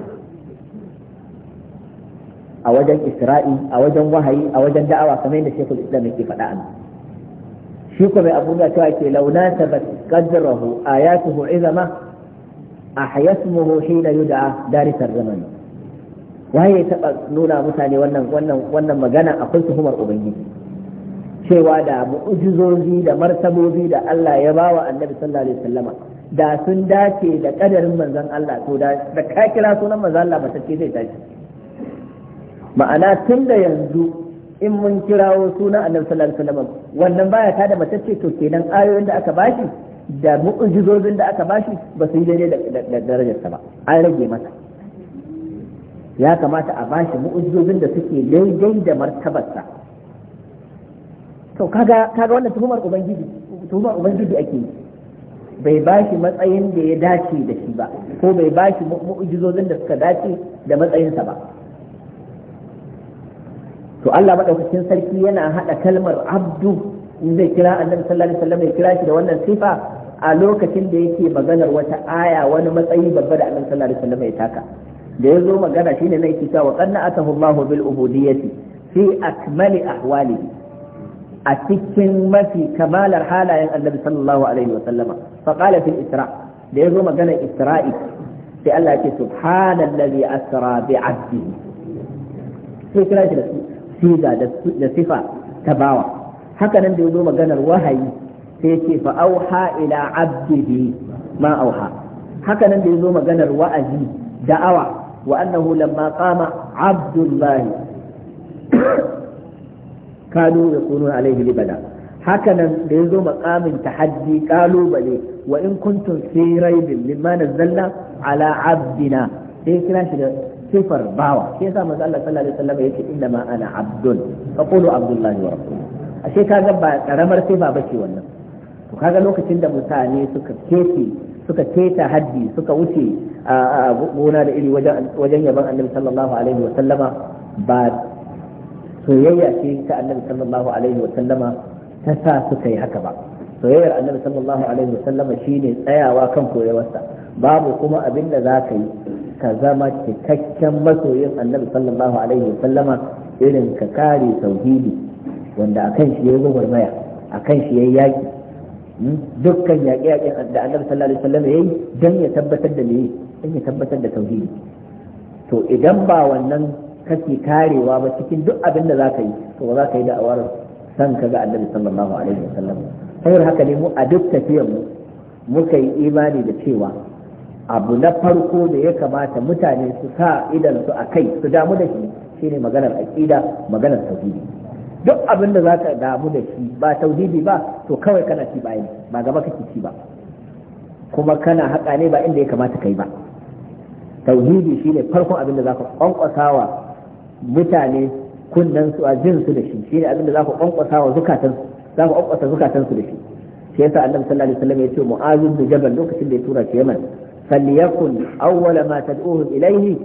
a wajen isra'i a wajen wahayi a wajen da'awa kamar yadda shekul islam yake faɗa a nan shi kuma abu da cewa ke launa ta ba kaddarahu ayatuhu izama a hayasmuhu hina yud'a darisar zaman waye ya taba nuna mutane wannan wannan wannan magana akwai tuhumar ubangiji cewa da mu'ujizozi da martabobi da Allah ya bawa annabi sallallahu alaihi wasallama da sun dace da kadarin manzon Allah to da ka kira sunan manzon Allah ba sai zai tashi ma'ana tun da yanzu in mun kirawo sunan annabi sallallahu alaihi wasallam wannan baya ta da matacce to kenan ayoyin da aka bashi da mu'jizozin da aka bashi ba su yi daidai da darajarsa ba an rage masa ya kamata a bashi mu'jizozin da suke daidai da martabarsa to kaga kaga wannan tuhumar ubangiji tuhumar ubangiji ake yi bai bashi matsayin da ya dace da shi ba ko bai bashi mu'jizozin da suka dace da matsayinsa ba to Allah madaukakin sarki yana hada kalmar abdu in zai kira annabi sallallahu alaihi wasallam ya kira shi da wannan sifa a lokacin da yake maganar wata aya wani matsayi babba da annabi sallallahu alaihi wasallam ya taka da ya zo magana shine na yake cewa qanna atahu Allahu bil ubudiyyati fi akmali ahwali a cikin mafi kamalar halayen annabi sallallahu alaihi wasallama faqala fil isra da ya zo magana isra'i sai Allah ya ce subhanallazi asra bi abdihi sai kira shi da siga da sifa ta bawa haka nan da ya zo maganar wahayi sai ya ce fa auha ila abdihi ma auha haka nan da ya zo maganar wa'azi da'awa wa annahu lamma qama abdullahi kanu yakunu alaihi libada haka nan da ya zo maqamin tahaddi kalubale wa in kuntum fi raibin mimma nazzalna ala abdina sai kira shi da sifar bawa shi yasa manzo Allah sallallahu alaihi wasallam yake inna ma ana Abdul fa qulu abdullahi wa rasuluhu ashe kaga ba karamar sifa bace wannan to kaga lokacin da mutane suka kete suka keta haddi suka wuce a gona da iri wajen yaban annabi sallallahu alaihi wa sallama ba soyayya ce ta annabi sallallahu alaihi wa sallama ta sa suka yi haka ba soyayyar annabi sallallahu alaihi wa sallama shine tsayawa kan koyarwarsa babu kuma abin da za ka yi ka zama cikakken masoyin annabi sallallahu alaihi wasallama irin ka kare tauhidi wanda a kan shi ya gwagwarmaya kan shi ya yi yaƙi hmm? dukkan yaƙe yaƙen da annabi sallallahu alaihi ya yi don ya tabbatar da me don ya tabbatar da tauhidi to idan ba wannan kake karewa ba cikin duk abin da ka yi to ba za ka yi da'awar san ka ga annabi sallallahu alaihi wasallam saboda haka ne mu a duk tafiyar mu muka yi imani da cewa abu na farko da ya kamata mutane su sa idan su a kai su damu da shi shine maganar aqida maganar tauhidi duk abin da zaka damu da shi ba tauhidi ba to kawai kana ci ba ba gaba kake ci ba kuma kana haƙa ne ba inda ya kamata kai ba tauhidi shine farkon abin da zaka kwankwasawa mutane kunnen su a jin su da shi shine abin da zaka kwankwasawa zukatan zaka kwankwasa zukatan su da shi shi yasa annabi sallallahu alaihi wasallam ya ce mu'azib da jabal lokacin da ya tura ke Yaman فليكن أول ما تدعوهم إليه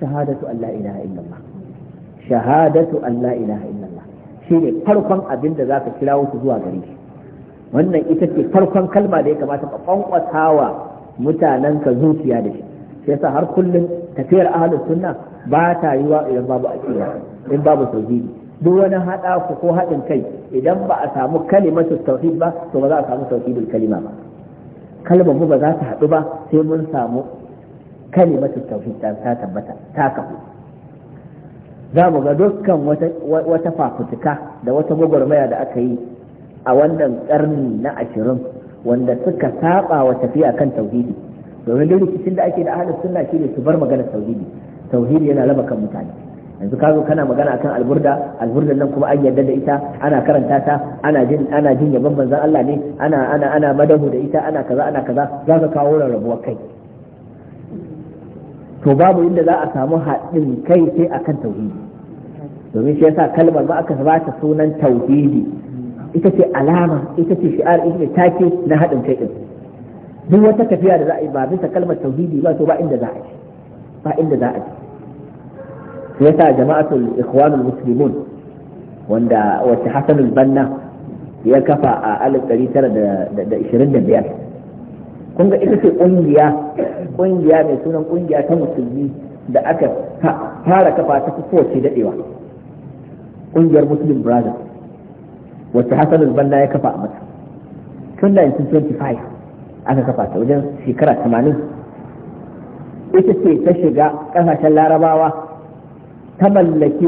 شهادة أن لا إله إلا الله شهادة أن لا إله إلا الله شيء فرقا أبن ذاك كلاوة زوا غريش wannan ita ce farkon kalma da ya kamata ka kwankwatawa mutanenka zuciya da shi sai yasa har kullum tafiyar ahlus sunna ba ta yiwa idan babu aqida in babu tauhidi duk wani haɗa ku ko haɗin kai idan ba a samu kalimatu tauhid ba to ba za a samu tauhidul kalima ba kalmar mu ba za ta haɗu ba sai mun samu kalimatu tauhid ta tabbata ta kafu za mu ga dukkan wata fafutuka da wata gwagwarmaya da aka yi a wannan karni na ashirin wanda suka saba wa tafiya kan tauhidi domin duk rikicin da ake da ahalin sunna shine su bar magana tauhidi tauhidi yana raba kan mutane yanzu ka zo kana magana akan alburda alburdan nan kuma an yarda da ita ana karanta ta ana jin ana jin yaban manzon Allah ne ana ana ana madahu da ita ana kaza ana kaza za ka kawo rarrabuwar kai to babu inda za a samu haɗin kai sai akan tauhidi domin shi yasa kalmar ba aka ba ta sunan tauhidi ita ce alama ita ce shi'ar ita ce take na haɗin kai din duk wata tafiya da za a yi ba bisa kalmar tauhidi ba to ba inda za a yi ba inda za a yi yasa jama'atul ikhwanul muslimun wanda wacce hasanul banna ya kafa a 1925 kun ga ita ce kungiya kungiya mai sunan kungiya ta musulmi da aka fara kafa ta kowace dadewa kungiyar muslim brothers wacce hasanul banna ya kafa a mata tun 1925 aka kafa ta wajen shekara 80 ita ce ta shiga kasashen larabawa ta mallaki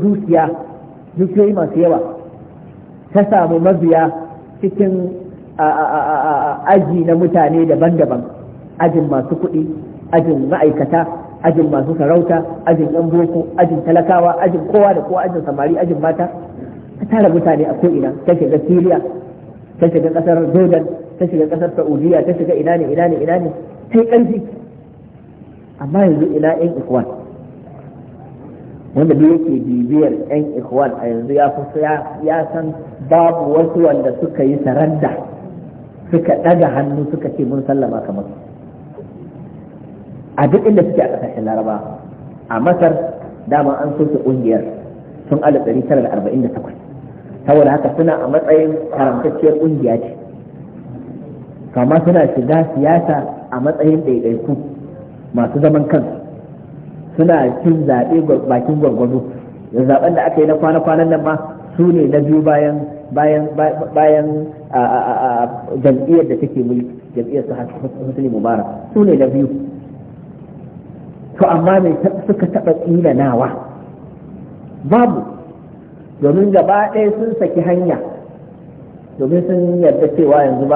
dukiya dukiyoyi masu yawa ta samu mabiya cikin aji na mutane daban-daban ajin masu kuɗi ajin ma'aikata ajin masu sarauta ajin yan boko ajin talakawa ajin kowa da kowa ajin samari ajin mata ta tara mutane a ko'ina ta shiga siriya ta shiga kasar jordan ta shiga kasar saudiya ta shiga ina ne ina ne ina ne ta yi ƙarfi amma yanzu ina yan ikwai. wanda da yake bibiyar yan ikhwan a yanzu ya kusa ya san babu wasu wanda suka yi saranda suka ɗaga hannu suka ce mun sallama kamar a duk inda suke a ƙasashen laraba a masar dama an soke ƙungiyar tun 1948 saboda haka suna a matsayin haramtacciyar ƙungiya ce kama suna shiga siyasa a matsayin ɗaiɗaiku masu zaman kansu suna cin zaɓe bakin gwargwado zaɓen da aka yi na kwana-kwanan nan ma su ne na biyu bayan bayan jam'iyyar da take mulki jam'iyyar su Husni Mubarak su ne na biyu to amma mai suka taɓa tsinanawa babu domin gaba ɗaya sun saki hanya domin sun yarda cewa yanzu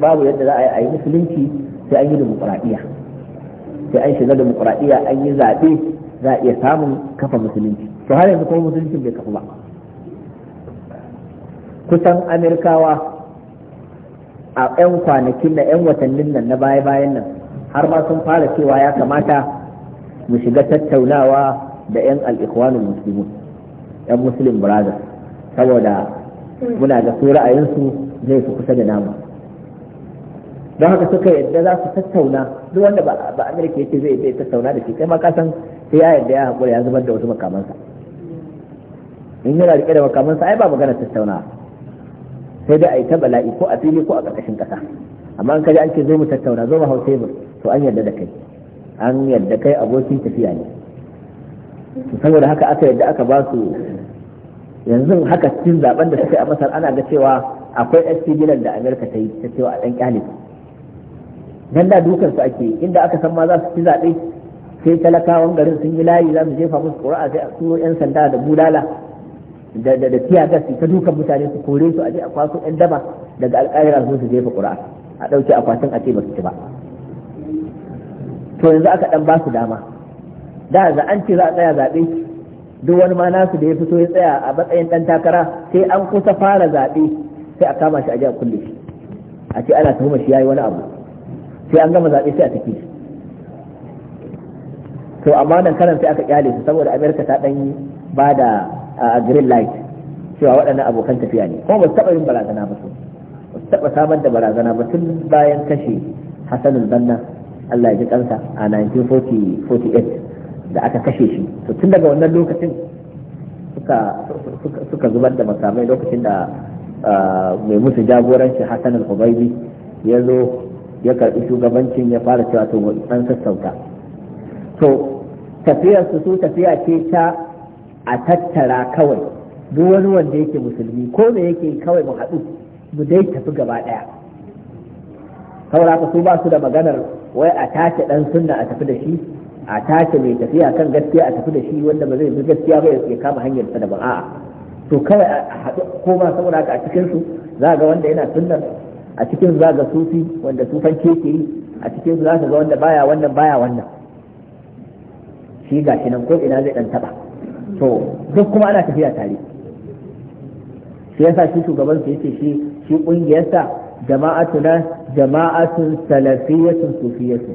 babu yadda za a yi musulunci sai an yi dimokuraɗiyya sai an shiga demokuraɗiyya an yi zaɓe za a iya samun kafa musulunci to har yanzu kuma musulunci bai kafa ba kusan amirkawa a 'yan kwanakin na 'yan watannin nan na baya-bayan nan har ma sun fara cewa ya kamata mu shiga tattaunawa da 'yan al'ikwanin musulmi 'yan muslim brothers saboda muna da su ra'ayinsu zai fi kusa da namu don haka suka yadda za su tattauna duk wanda ba amurka yake zai zai tattauna da shi kai ma kasan sai ya yadda ya haƙura ya zubar da wasu makamansa in yana rike da makamansa ai ba magana tattauna sai dai a yi ta bala'i ko a fili ko a ƙarƙashin ƙasa amma an kaji an ce zo mu tattauna zo mu hau tebur to an yadda da kai an yadda kai abokin tafiya ne saboda haka aka yadda aka ba su yanzu haka cikin zaben da suka yi a masar ana ga cewa akwai std da amurka ta yi ta cewa a ɗan ƙyale nan da dukan su ake inda aka san ma za su ci zaɓe sai talakawan garin sun yi layi za su jefa musu ƙura'a sai a turo 'yan sanda da bulala da da tiya gasi ta dukan mutane su kore su a je a kwaso 'yan daba daga alƙayar su su jefa ƙura'a a ɗauke akwatin a ce ba su ci ba to yanzu aka ɗan ba su dama da za an ce za a tsaya zaɓe duk wani ma nasu da ya fito ya tsaya a matsayin ɗan takara sai an kusa fara zaɓe sai a kama shi a je a kulle shi a ce ana tuhumar shi yayi wani abu sai an gama zaɓe sai a tafi to amma nan karan sai aka kyale su saboda amerika ta ɗan ba da green light cewa waɗannan abokan tafiya ne kuma ba su taɓa yin barazana ba su ba su taɓa samar da barazana ba tun bayan kashe hassanul banna allah ya ji kansa a 1948 da aka kashe shi to tun daga wannan lokacin suka zubar da makamai lokacin da mai musu jagoranci hassanul al ya zo ya karbi shugabancin ya fara cewa to an sassauta to tafiyar su su tafiya ce ta a tattara kawai duk wani wanda yake musulmi ko me yake kawai mu haɗu mu dai tafi gaba ɗaya saboda su ba su da maganar wai a tace dan sunna a tafi da shi a tace mai tafiya kan gaskiya a tafi da shi wanda ba zai bi gaskiya ba ya kama hanyar sa daban a'a to kawai a haɗu ko ba saboda a cikin su za ga wanda yana sunnar a cikin za ga sufi wanda sufan keke yi a cikin za ga wanda baya wannan baya wannan shi ga shi nan ko ina zai dan taba to duk kuma ana tafiya tare shi yasa shi shugaban su yace shi shi kungiyarsa na jama'atu salafiyatu sufiyatu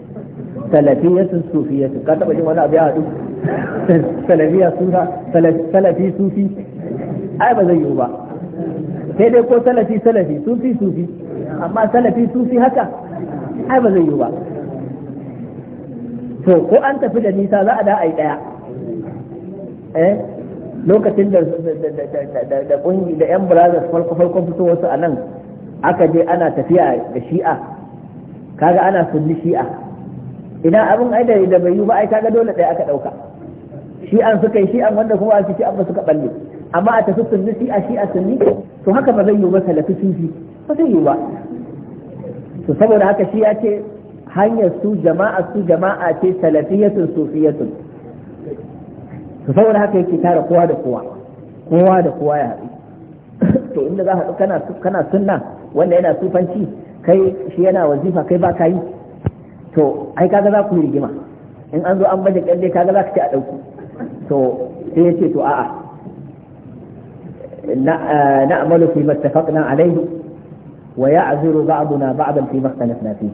salafiyatu sufiyatu ka taba jin wani abu ya hadu salafiya sufa salafi sufi ai ba zai yiwu ba sai dai ko salafi salafi sufi sufi amma salafi sufi haka ai ba zai yi ba to ko an tafi da nisa za a da a yi ɗaya eh lokacin da da kungi da yan brothers farko farko fito wasu a nan aka je ana tafiya da shi'a kaga ana sunni shi'a ina abin ai da bai yi ba ai kaga dole ɗaya aka ɗauka shi'an suka yi shi'an wanda kuma a shi'an ba suka balle amma a tafi sunni shi'a shi'a sunni to haka ba zai yi ba salafi sufi ba zai yi ba to saboda haka shi ya ce hanyar su jama'a su jama'a ce salafiyatun sufiyatun to saboda haka yake tara kowa da kowa kowa da kowa ya haɗu to inda za haɗu kana kana sunna wanda yana sufanci kai shi yana wazifa kai ba ka yi to ai kaga za ku yi rigima in an zo an baje kyalle kaga za ka ci a ɗauku to sai ya ce to a'a na eh, fi mattafaqna alayhi wa ya'ziru ba'duna ba'dan fi makhtalafna fi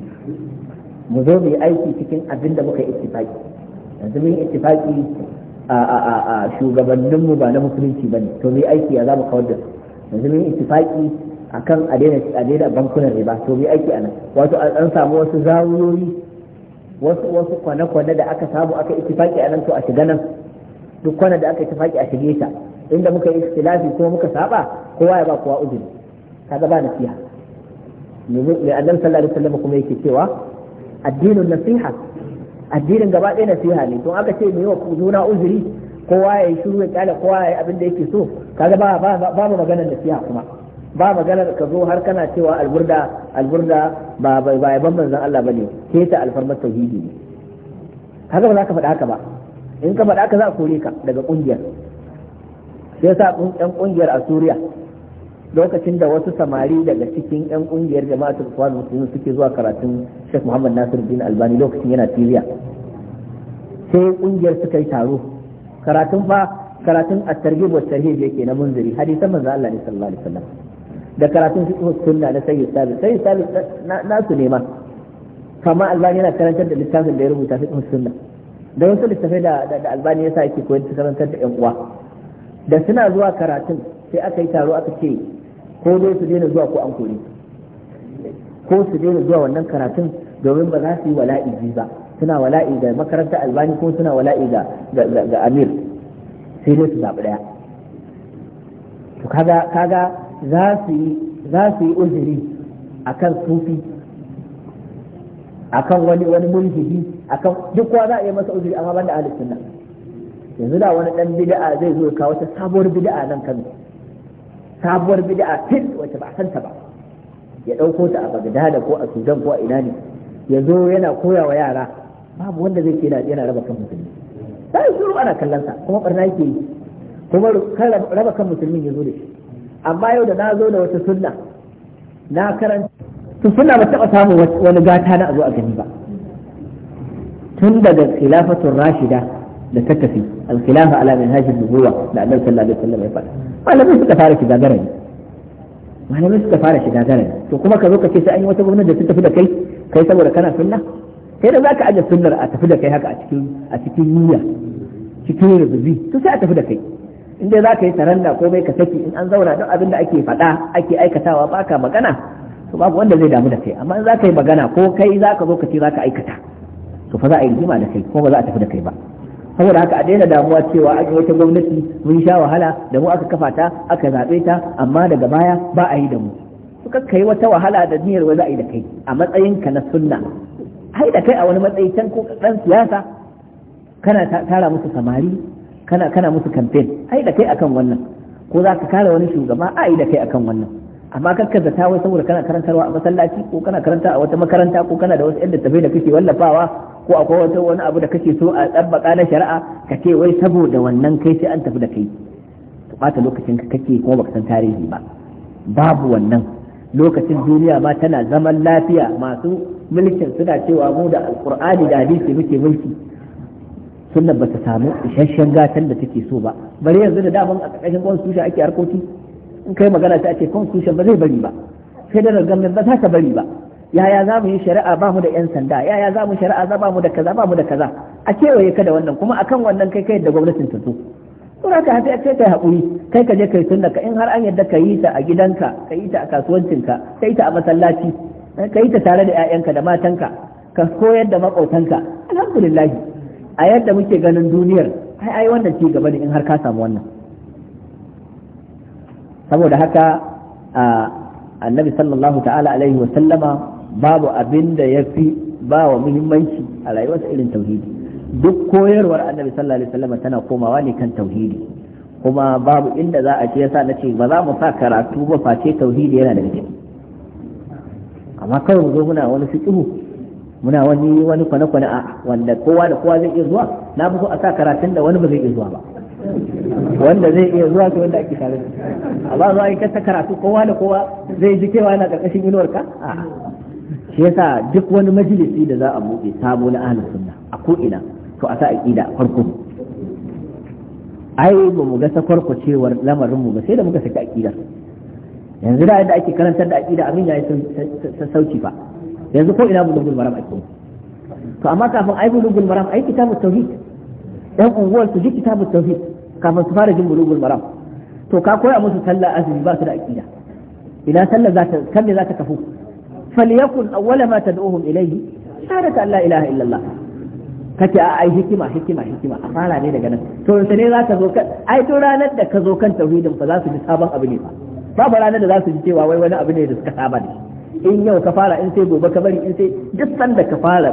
mu zo mu yi aiki cikin abin da muka yi ittifaki yanzu mun yi ittifaki a a a a shugabannin ba na musulunci mu yi aiki akan a daina a daina bankunan riba to mu yi aiki anan wato an samu wasu zawuyoyi wasu wasu kwana da aka samu aka ittifaki anan to a shiga nan duk kwana da aka ittifaki a shige ta inda muka yi ikhtilafi ko muka saba kowa ya ba kowa uzuri kaga ba nasiha mai annabi sallallahu alaihi wasallam kuma yake cewa addinin nasiha addinin gaba ɗaya nasiha ne don aka ce mu yi wa juna uzuri kowa ya yi shiru ya kyale kowa ya yi abin da yake so kaga ba ba mu maganar nasiha kuma ba maganar ka zo har kana cewa alburda alburda ba ba ba yaban manzon Allah bane ke ta alfarmar tauhidi ne haka ba za ka faɗa haka ba in ka faɗa haka za a kore ka daga ƙungiyar sai yasa ɗan ƙungiyar a Suriya lokacin da wasu samari daga cikin yan kungiyar jama'atul ikhwan musulmi suke zuwa karatun Sheikh Muhammad Nasir bin Albani lokacin yana Syria sai kungiyar suka yi taro karatun fa karatun at-targhib wa tarhib yake na munziri hadisan manzo Allah ne sallallahu alaihi wasallam da karatun su kuma sunna na sayyid sabi sayyid sabi na su nema kama albani yana karantar da littafin da ya rubuta su kuma sunna da wasu littafai da da albani yasa yake koyar da karantar da yan uwa da suna zuwa karatun sai aka yi taro aka ce ko dai su daina zuwa ko an kore ko su daina zuwa wannan karatun domin ba za su yi wala'i ba suna wala'i ga makaranta albani ko suna wala'i ga ga amir sai dai su zaɓi ɗaya to kaga kaga za su yi za su yi uzuri akan sufi akan wani wani mulhidi akan duk kowa za a yi masa uzuri amma banda ahlus sunna yanzu da wani dan bid'a zai zo kawo ta sabuwar bid'a nan kan sabuwar bid'a fil wacce ba san ta ba ya ɗauko ta a da ko a Sudan ko a ina ne ya zo yana koya wa yara babu wanda zai ce yana raba kan musulmi sai shiru ana kallon sa kuma barna yake yi kuma raba kan musulmin ya zo da shi amma yau da na zo da wata sunna na karanta to sunna ba taɓa samun wani gata na a zo a gani ba tun daga khilafatul rashida da ta tafi alkhilafa ala manhajin nubuwa da annabi sallallahu alaihi wasallam ya faɗa malamai suka fara shiga garari malamai suka fara shiga garari to kuma ka zo ka ce sai an yi wata gwamnati da ta tafi da kai kai saboda kana sunna kai da zaka aje sunnar a tafi da kai haka a cikin a cikin niyya cikin rubuzi to sai a tafi da kai in dai ka yi taranda bai ka saki in an zauna duk abin da ake faɗa ake aikatawa ba ka magana to babu wanda zai damu da kai amma in za ka yi magana ko kai za ka zo ka ce ka aikata to fa za a yi rigima da kai ko ba za a tafi da kai ba saboda haka a daina damuwa cewa an wata gwamnati mun sha wahala da mu aka kafa ta aka zaɓe ta amma daga baya ba a yi da mu suka kai wata wahala da niyyar wa za a yi da kai a matsayinka na sunna hai da kai a wani matsayi can ko dan siyasa kana tara musu samari kana kana musu campaign ai da kai akan wannan ko za ka kare wani shugaba A yi da kai akan wannan amma kakka zata wai saboda kana karantarwa a masallaci ko kana karanta a wata makaranta ko kana da wasu yan littattafai da kake wallafawa ko akwai wata wani abu da kake so a tsabbaka na shari'a ka ce wai saboda wannan kai sai an tafi da kai ka bata lokacin ka kake kuma baka san tarihi ba babu wannan lokacin duniya ma tana zaman lafiya masu mulkin suna cewa mu da alkur'ani da hadisi muke mulki sunna ba ta samu isasshen gatan da take so ba bari yanzu da daman a ƙarƙashin constitution ake harkoki in kai magana ta ce constitution ba zai bari ba federal government ba za ta bari ba yaya za mu yi shari'a ba mu da yan sanda yaya za mu yi shari'a ba mu da kaza ba mu da kaza a kewaye ka da wannan kuma akan wannan kai kai da gwamnatin ta zo sura ka haɗe kai kai haƙuri kai ka je kai sunna ka in har an yadda ka yi ta a gidanka ka yi ta a kasuwancinka ka yi ta a masallaci ka yi ta tare da 'ya'yanka da matanka ka koyar da maƙotanka alhamdulillah a yadda muke ganin duniyar ai ai wannan ci gaba ne in har ka samu wannan saboda haka annabi sallallahu ta'ala alaihi wa sallama babu abin da ya fi ba wa muhimmanci a rayuwarsa irin tauhidi duk koyarwar annabi sallallahu alaihi wasallam tana komawa ne kan tauhidi kuma babu inda za a ce yasa na ce ba za mu sa karatu ba face tauhidi yana da ciki amma kawai mu zo muna wani fiqhu muna wani wani kwane-kwane a wanda kowa da kowa zai iya zuwa na fi so a sa karatun da wani ba zai iya zuwa ba wanda zai iya zuwa ta wanda ake tare da amma a yi kasta karatu kowa da kowa zai ji kewa yana karkashin inuwarka a'a shi yasa duk wani majalisi da za a buɗe sabo na ahlus sunna a ko ina to a sa aqida farko ai ba mu ga sakwarku cewar lamarin mu ba sai da muka saki aqida yanzu da yadda ake karantar da aqida abin yayi sauki fa yanzu ko ina bulugul maram ake to amma kafin ai bulugul maram ai kitabu tauhid dan unguwar su ji kitabu tauhid kafin su fara jin bulugul maram to ka koya musu sallah azumi ba su da aqida ina sallah za ta kan ne za ta kafu falyakun awwala ma tad'uhum ilayhi shahadatu an la ilaha illallah kace a ai hikima hikima hikima a fara ne daga nan to yanzu ne za ka zo kan ai to ranar da ka zo kan tauhidin fa za su ji sabon abu ne ba babu ranar da za su ji cewa wai wani abu ne da suka saba da in yau ka fara in sai gobe ka bari in sai duk sanda ka fara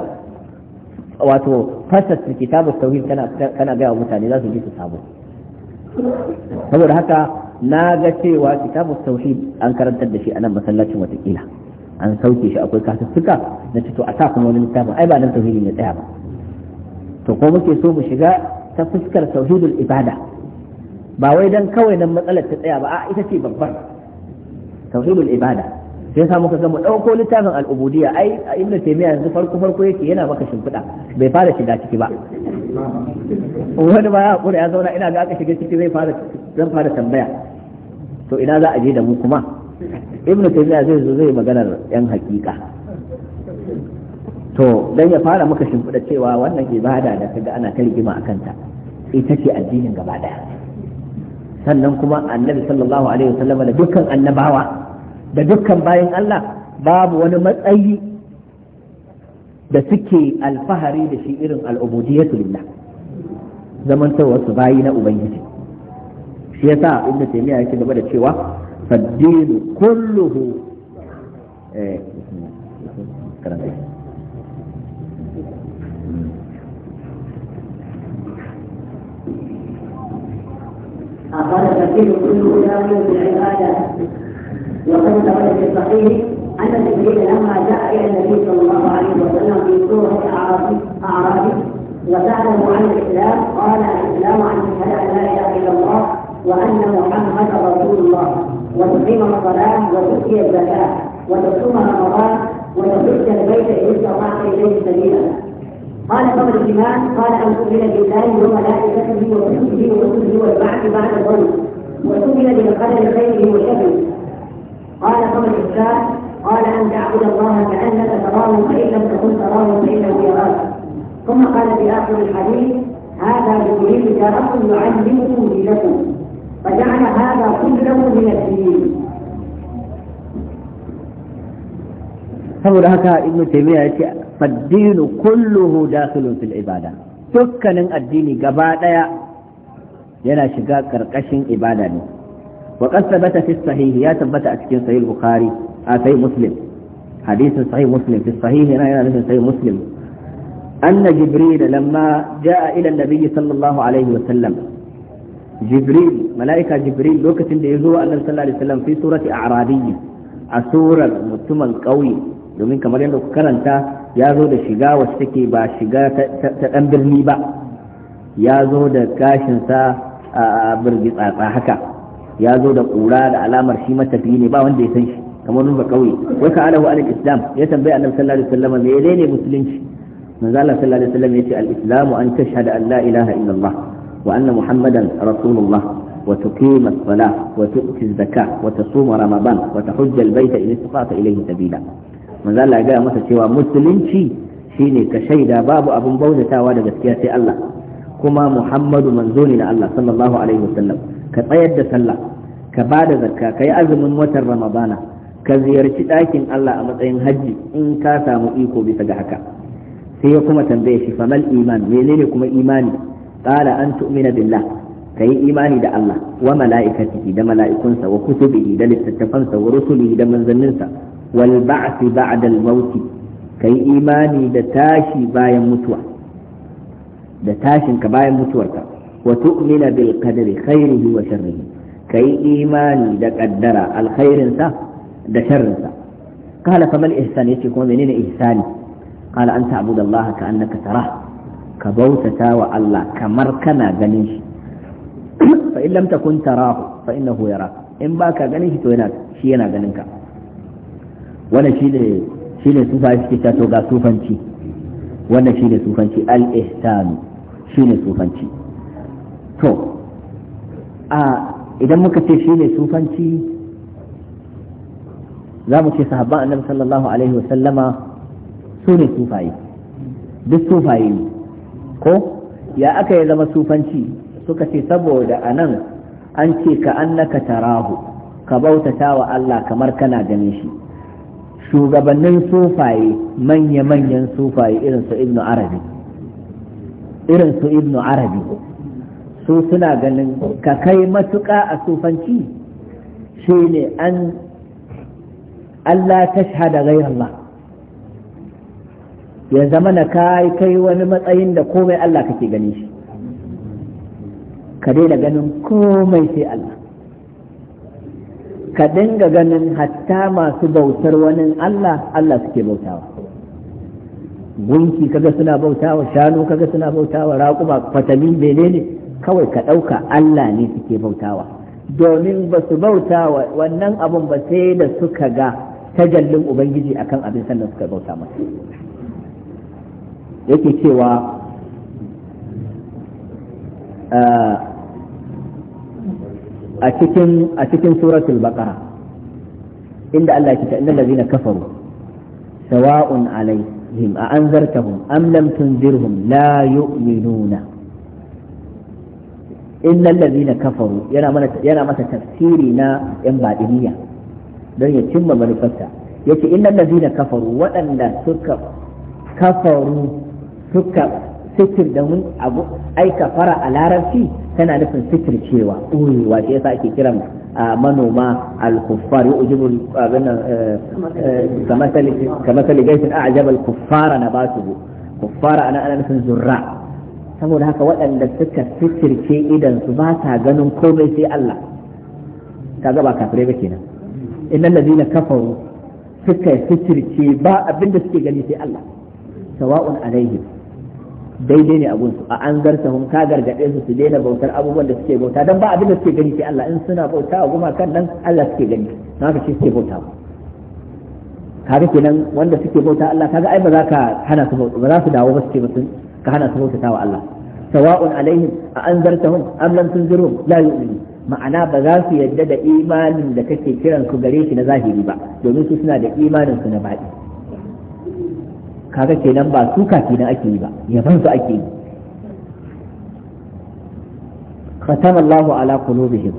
wato fasar kitabu tauhid kana kana ga mutane za su ji su sabo saboda haka na ga cewa kitabu tauhid an karantar da shi a nan masallacin watakila an sauke shi akwai kasussuka na cito to a sa kuma wani littafin ai ba nan tauhidi ya tsaya ba to ko muke so mu shiga ta fuskar tauhidul ibada ba wai dan kawai nan matsalar ta tsaya ba a ita ce babbar tauhidul ibada sai sa muka mu ɗauko littafin al'ubudiya ai a ibnu taymiya yanzu farko farko yake yana maka shimfiɗa bai fara shiga ciki ba wani ba ya hakura ya zauna ina ga aka shiga ciki zai zan fara tambaya to ina za a je da mu kuma ibnu taymiya zai zo zai maganar yan hakika to dan ya fara maka shimfiɗa cewa wannan ibada da kaga ana ta rigima akan ta ita ce addinin gaba daya sannan kuma annabi sallallahu alaihi wasallam da dukkan annabawa da dukkan bayan Allah babu wani matsayi da suke alfahari da shi irin al'ubudiyatu lillah zamantarwa wasu bayi na ubangiji shi yasa ibnu taymiya yake gaba da cewa فالدين كله إيه أقال التفسير كله يامر بالعبادة وقد ثبت في الصحيح أن جبريل لما جاء إلى النبي صلى الله عليه وسلم في سورة أعرابي أعرابي وسأله عن الإسلام قال الإسلام عن تشهد لا إله إلا الله وأن محمد رسول الله وتقيم رمضان وتؤتي الزكاة وتصوم رمضان وتحج البيت إن استطعت إليه سبيلا قال قبل الإيمان قال أن تؤمن بالله وملائكته وكتبه ورسله والبعث بعد الظلم وتؤمن بالقدر خيره وشره قال قبل الإحسان قال أن تعبد الله كأنك تراه فإن لم تكن تراه فإنه يراك ثم قال في آخر الحديث هذا بكل ترى يعلمكم دينكم فجعل هذا كله من الدين saboda haka ibn taymiya ya ce addinu kulluhu dakhilun fil ibada dukkanin addini gaba daya yana shiga karkashin ibada ne wa qasabata fi sahih ya tabbata a cikin sahih bukhari a sahih muslim hadisin sahih muslim fi sahih yana yana cikin sahih muslim anna jibril lamma jaa ila an-nabi sallallahu alaihi wa sallam jibril mala'ika jibril lokacin da ya zo annabi sallallahu alaihi wasallam fi surati a'rabiyyi a surar mutumin ƙauye domin kamar yadda ku karanta ya zo da shiga wacce take ba shiga ta ɗan birni ba ya zo da gashinsa a birgitsatsa haka ya zo da ƙura da alamar shi matafiyi ne ba wanda ya san shi kamar nuna kauye wai ka alahu alal islam ya tambayi annabi sallallahu alaihi wasallam me ne musulunci manzo Allah sallallahu al islamu an tashhadu an la illallah وأن محمدا رسول الله وتقيم الصلاة وتؤتي الزكاة وتصوم رمضان وتحج البيت إن استطعت إليه سبيلا من ذلك جاء مثل سوى مسلم شي شيني كشيدا باب أبو بوزة ولد سياسي الله كما محمد منزول الله صلى الله عليه وسلم كطيد سلا كبعد زكاة كي أزم وتر رمضان كزيارة لكن الله أمتين هجي إن كاسا مؤيكو بسجحك سيكما تنبيه فما الإيمان منين كما إيماني qala an tu'mina billah kai imani da Allah wa mala'ikatihi da mala'ikunsa wa kutubihi da littattafansa wa rusulihi da manzanninsa wal ba'thi ba'da al mauti kai imani da tashi bayan mutuwa da tashin ka bayan mutuwarka wa tu'mina bil qadari khairihi wa sharrihi kai imani da qaddara alkhairinsa da sharrinsa qala fa mal ihsan yace kuma menene ihsani qala an ta'budallaha ka'annaka tara. ka bautata wa Allah kamar kana ganin shi fa in lam takun tarahu fa innahu yaraka in baka ganin shi to yana shi yana ganin ka wannan shine shine sufa suke ta to ga sufanci wannan shine sufanci al ihsan shine sufanci to a idan muka ce shine sufanci za mu ce sahabban annabi sallallahu alaihi wasallama su ne sufaye duk sufaye ne ko ya aka ya zama sufanci suka ce saboda a nan an ce ka annaka tarahu ka bautata wa Allah kamar kana ganin shi shugabannin sufaye manya-manyan sufaye irin su ibnu arabi irin su ibnu arabi su suna ganin ka kai matuƙa a sufanci shi ne an Allah ta shahada Allah ya zama na kai kai wani matsayin da komai Allah kake gani shi ka daina ganin komai sai Allah ka dinga ganin hatta masu bautar wani Allah Allah suke bautawa gunki kaga suna bautawa shanu kaga suna bautawa raƙuma fatamin bene ne kawai ka ɗauka Allah ne suke bautawa domin ba su bautawa wannan abun ba sai da suka ga tajallin ubangiji akan abin sannan suka bauta masa yake cewa ah, a cikin a cikin suratul baqara inda Allah ya ce innal ladzina kafaru sawa'un alaihim a anzartahum am lam tunzirhum la yu'minuna innal ladzina kafaru yana mana yana masa tafsiri na yan badiniya don ya cimma manufarsa yace innal ladzina kafaru waɗanda suka kafaru suka sitir da mun abu aika fara a larabci tana nufin sitir cewa ɓoyewa mm. shi yasa ake kiran manoma al-kuffar ya ujibu abin eh, eh, kamar saligaishin a ajab al-kuffara na basu kuffara ana ana nufin zurra saboda haka waɗanda suka sitirce idan su ba sa ganin komai sai Allah kaga ba kafirai ba kenan innal ladina kafaru suka sitirce ba abinda suke gani sai Allah sawa'un alaihim daidai ne abun a an zarta hum ka gargaɗe su su daina bautar abubuwan da suke bauta dan ba abin da suke gani sai Allah in suna bauta a goma kan nan Allah suke gani na haka shi suke bauta kaga kenan wanda suke bauta Allah kaga ai ba za ka hana su bauta ba za su dawo ba suke ba ka hana su bauta wa Allah sawa'un alaihim a an zarta hum am lam tunzirhum la yu'minu ma'ana ba za su yadda da imanin da kake kiran su gare shi na zahiri ba domin su suna da imanin su na baɗi kaga kenan ba suka kenan ake yi ba yaban su ake yi khatama Allahu ala qulubihim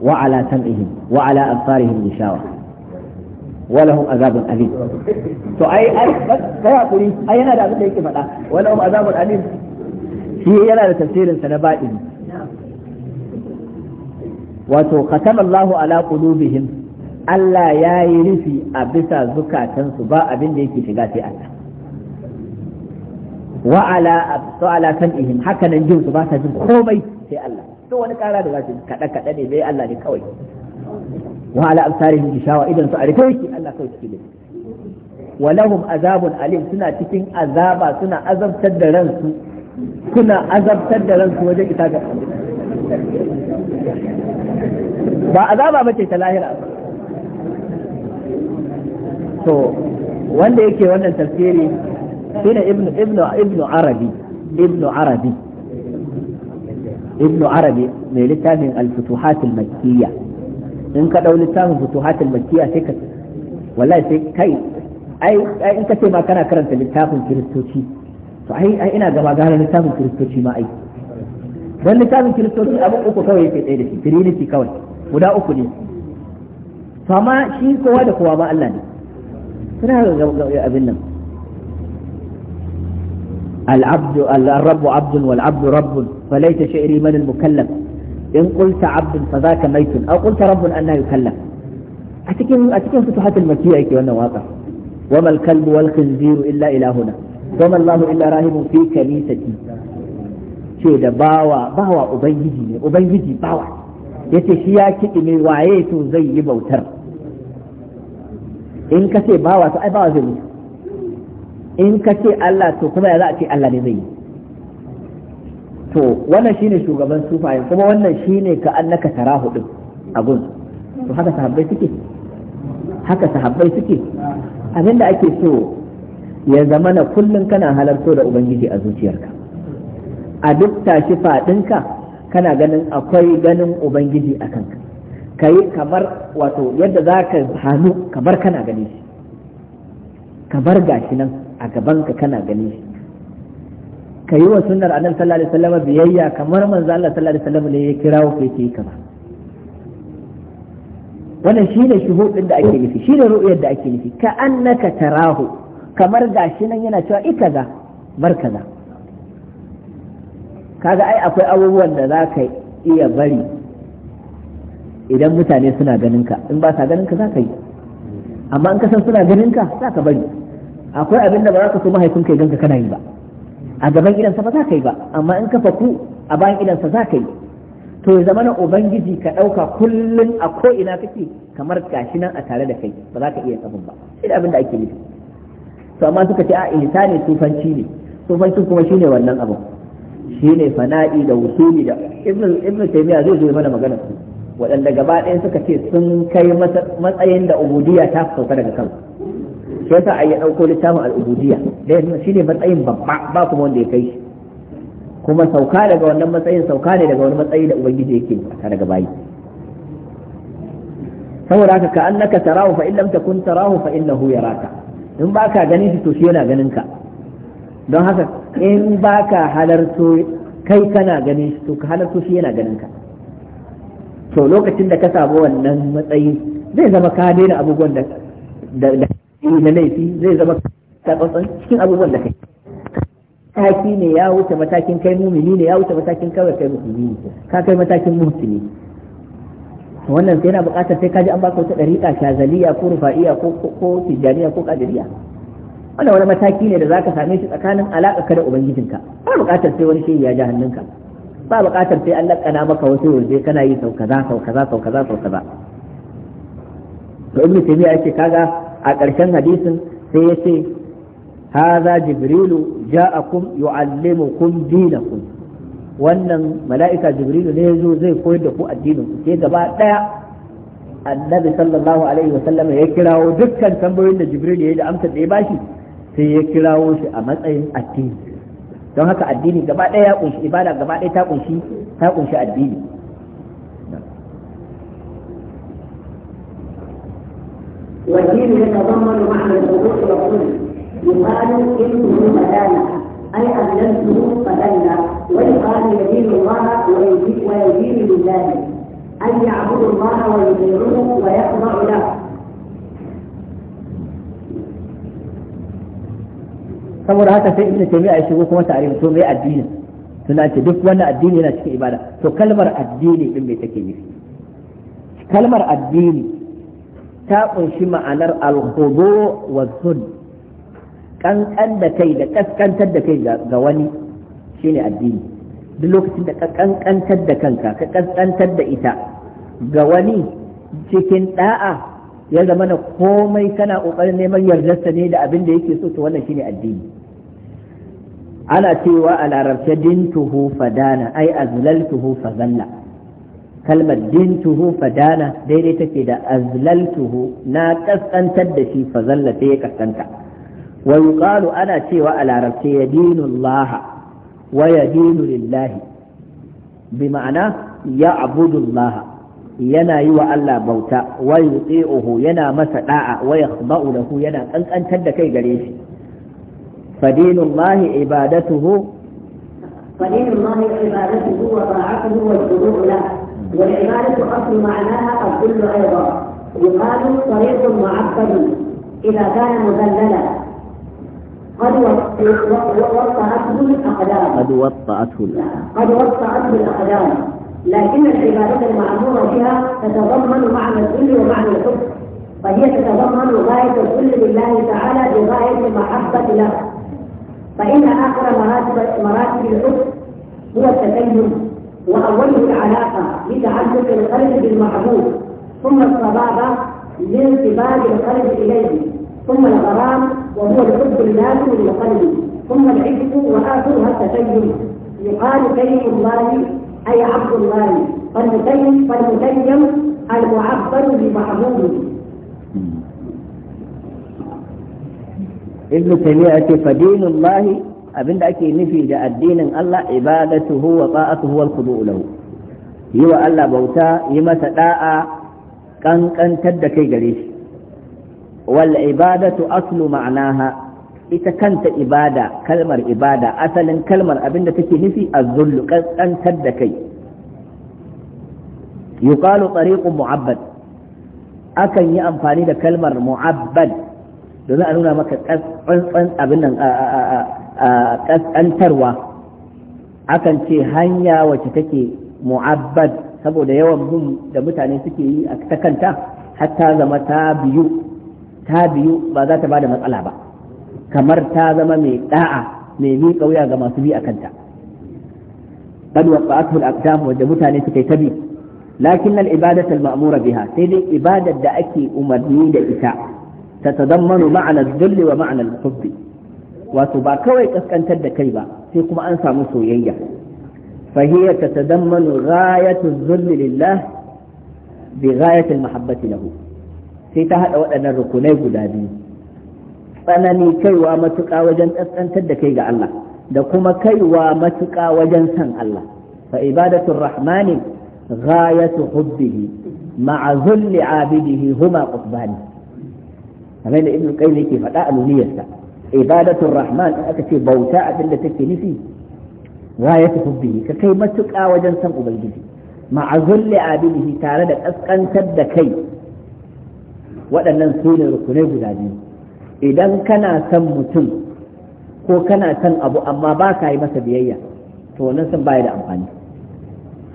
wa ala sam'ihim wa ala absarihim gishawa wa lahum kai hakuri ai yana da abin da yake faɗa wa lahum azabun alim shi yana da tafsirin sa na baɗini wato khatama Allahu Allah ya yi rufi a bisa zukatansu ba abin da yake shiga sai Allah wa'ala ala ala sam'ihim haka nan jin su ba sa jin komai sai Allah to wani kara da za su kada kada ne bai Allah ne kawai wa ala absarihim gishawa idan su a rufe yake Allah kawai suke da wa lahum azabun alim suna cikin azaba suna azabtar da ransu suna azabtar da ransu wajen ita ga ba azaba bace ta lahira to wanda yake wannan tafsiri shine ibnu ibnu ibnu arabi ibnu arabi ibnu arabi mai littafin al-futuhat al-makkiyya in ka dau littafin futuhat al-makkiyya sai ka wallahi sai kai ai ai in kace ma kana karanta littafin kiristoci to ai ai ina gaba gara littafin kiristoci ma ai dan littafin kiristoci abin uku kawai yake tsaye da shi trinity kawai guda uku ne to amma shi kowa da kowa ma Allah ne suna ga abin nan العبد الرب عبد والعبد رب فليت شعري من المكلف إن قلت عبد فذاك ميت أو قلت رب أنا يكلف أتكلم أتكلم فتوحات المكية كي واقع وما الكلب والخنزير إلا إلهنا وما الله إلا راهب في كنيستي ce da bawa bawa ubangiji ne ubangiji bawa yace shi ya kiɗi ne waye to zai yi bautar in ka ce bawa to ai bawa zai mutu in ka ce Allah to kuma ya za a ce Allah ne zai yi to wannan shine shugaban sufaye kuma wannan shine ka annaka tarahu din a gun to haka sahabbai suke haka sahabbai suke abinda ake so ya zama na kullum kana halarto da ubangiji a zuciyarka a duk tashi fadinka kana ganin akwai ganin ubangiji a kanka ka yi kamar wato yadda za ka hannu kamar kana gani shi kamar gashi nan a gabanka kana gani shi ka yi wa sunar annabi sallallahu alaihi wasallam biyayya kamar manzo Allah sallallahu alaihi wasallam ne ya kirawo ku yake kama wannan shine shuhudin da ake nufi shine ru'yar da ake nufi ka annaka tarahu kamar gashi nan yana cewa za, bar kaza kaga ai akwai abubuwan da za ka iya bari idan mutane suna ganin ka in ba sa ganin ka za ka yi amma in ka san suna ganin ka za ka bari akwai abin da ba za ka so mahaifinka ya ganka kana yi ba a gaban sa ba za ka yi ba amma in ka faku a bayan sa za ka yi to ya zama na ubangiji ka ɗauka kullum a ko ina kake kamar gashi nan a tare da kai ba za ka iya tsafin ba shi abin da ake nufi to amma suka ce a ne tufanci ne tufancin kuma shine wannan abin shine fana'i da wusuli da ibnu ibnu taymiya zai zo mana magana su waɗanda gaba ɗaya suka ce sun kai matsayin da ubudiyya ta sauka daga kansu shi yasa ai ya dauko littafin al'ubudiyya da yanzu shine matsayin babba ba kuma wanda ya kai shi kuma sauka daga wannan matsayin sauka ne daga wani matsayi da ubangiji yake ta daga bayi saboda haka ka annaka tarahu fa in lam takun tarahu fa innahu yaraka in baka ganin shi to shi yana ganin ka don haka in baka halarto kai kana ganin shi to ka halarto shi yana ganin ka to lokacin da ka samu wannan matsayi zai zama ka daina abubuwan da yi na laifi zai zama tsatsan cikin abubuwan da kai taki ne ya wuce matakin kai mumini ne ya wuce matakin kawai kai musulmi ne ka kai matakin musulmi wannan sai yana buƙatar sai kaji an baka wata ɗariƙa shazaliya ko rufa'iya ko ko tijjaniya ko kadiriya wannan wani mataki ne da zaka same shi tsakanin alaƙa ka da ubangijinka ba buƙatar sai wani shehi ya ji hannunka ba buƙatar sai an laƙana maka wasu waje kana yi sau kaza sau kaza sau kaza sau kaza to ibnu taymiya yake kaga a ƙarshen hadisin sai ya ce haza jibrilu ja'akum yu'allimukum dinakum wannan mala'ika jibrilu ne yazo zai koyar da ku addinin ku sai gaba daya annabi sallallahu alaihi wa sallam ya kirawo dukkan tambayoyin da jibrilu ya yi da amsa da ya bashi sai ya kirawo shi a matsayin addini don haka addini gaba ɗaya ya kunshi ibada gaba ɗaya ta kunshi ta kunshi addini والدين يتضمن معنى الحقوق والظلم يقال انتم فلانا اي اسلمتم فلانا ويقال يدين الله ويدين لله ان يعبد الله ويطيعوه ويخضع له saboda haka sai ibnu taymiya ya shigo kuma tarihi to mai addini suna ce duk wannan addini yana cikin ibada to kalmar addini din me take nufi kalmar addini ta kunshi ma'anar alhudu wa kankan da kai da kaskantar da kai ga wani shine addini duk lokacin da ka kankantar da kanka ka kaskantar da ita ga wani cikin da'a ya zama na komai kana kokarin neman yardarsa ne da abin da yake so to wannan shine addini ana cewa a larabce dintuhu fadana ai azlaltuhu fazalla kalmar tuhu fadana daidai take da azlaltuhu na kaskantar da shi fa zalla sai ya kaskanta wa yuqalu ana cewa a larabce ya dinu Allah wa ya dinu lillahi bi ma'ana ya abudu Allah yana yi wa Allah bauta wa yuti'uhu yana masa da'a wa yakhba'u lahu yana kankantar da kai gare shi فدين الله عبادته فدين الله عبادته وطاعته والخضوع له والعبادة أصل معناها الذل أيضا يقال طريق معقد إذا كان مذللا قد وطأته الأقدام قد وطأته قد وطأته الأقدام لكن العبادة المعمورة بها تتضمن معنى الذل ومعنى الحب فهي تتضمن غاية الذل لله تعالى بغاية المحبة له فإن آخر مراتب مراتب الحب هو التكلم وأوله العلاقة لتعلق القلب بالمحبوب ثم الصبابة لانتباه القلب إليه ثم الغرام وهو الحب اللازم للقلب ثم العشق وآخرها التشيع يقال كريم الله أي عبد الله فالمتيم فالمتيم المعبر بمحبوبه ابن تيمية فدين الله abinda ake nufi da addinin Allah ibadatuhu wa ta'atuhu wal khudu'u lahu yi wa Allah bauta yi masa da'a kankantar da kai gare shi wal ibadatu aslu ma'naha ita kanta ibada kalmar ibada asalin kalmar abinda take nufi az-zullu kankantar da kai yuqalu tariqun mu'abbad akan yi amfani da kalmar mu'abbad za a nuna maka tsantsan abin nan a akan ce hanya wacce take mu'abbad saboda yawan bin da mutane suke yi a ta kanta hatta zama ta biyu ta biyu ba za ta ba da matsala ba kamar ta zama mai da'a mai miƙa wuya ga masu bi a kanta qad waqa'atul aqdam wa mutane suke tabi lakin al ibadatu al ma'mura biha sai dai ibadar da ake umarni da ita تتضمن معنى الذل ومعنى الحب wato ba kawai kaskantar da kai ba sai kuma an samu soyayya fahiyya ta tadammanu ghayatul zulli lillah bi ghayatil mahabbati lahu sai ta hada waɗannan rukunai guda biyu tsanani kaiwa matuƙa wajen kaskantar da kai ga Allah da kuma kaiwa matuka wajen san Allah fa ibadatul rahmani ghayatu hubbihi ma'a zulli abidihi huma qutbani kamar da ibnu qayyim yake faɗa a luniyarsa ibadatul rahman in aka ce bauta abin da take nufi ghayatu hubbihi ka kai matuƙa wajen san ubangiji ma'azulli abidihi tare da kaskantar da kai waɗannan su ne rukunai guda biyu idan kana son mutum ko kana son abu amma ba ka yi masa biyayya to wannan son baya da amfani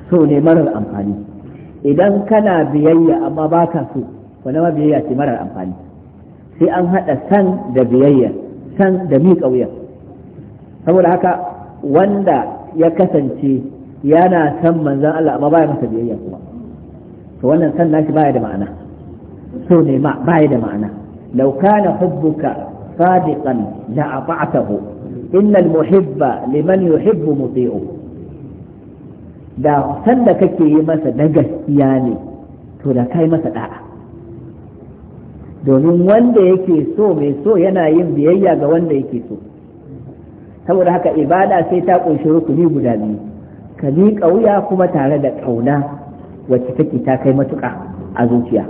so ne marar amfani idan kana biyayya amma ba ka so ko nama biyayya ce marar amfani sai an haɗa san da biyayya san da miƙa wuya saboda haka wanda ya kasance yana san manzan Allah amma baya masa biyayya kuma to wannan san nashi baya da ma'ana so ne ma baya da ma'ana law kana hubbuka sadiqan la ata'tahu innal muhibba liman yuhibbu muti'u da san da kake yi masa na gaskiya ne to da kai masa da'a domin wanda yake so mai so yana yin biyayya ga wanda yake so saboda haka ibada sai ta ƙunshi rukuni guda biyu ka miƙa wuya kuma tare da ƙauna wacce take ta kai matuƙa a zuciya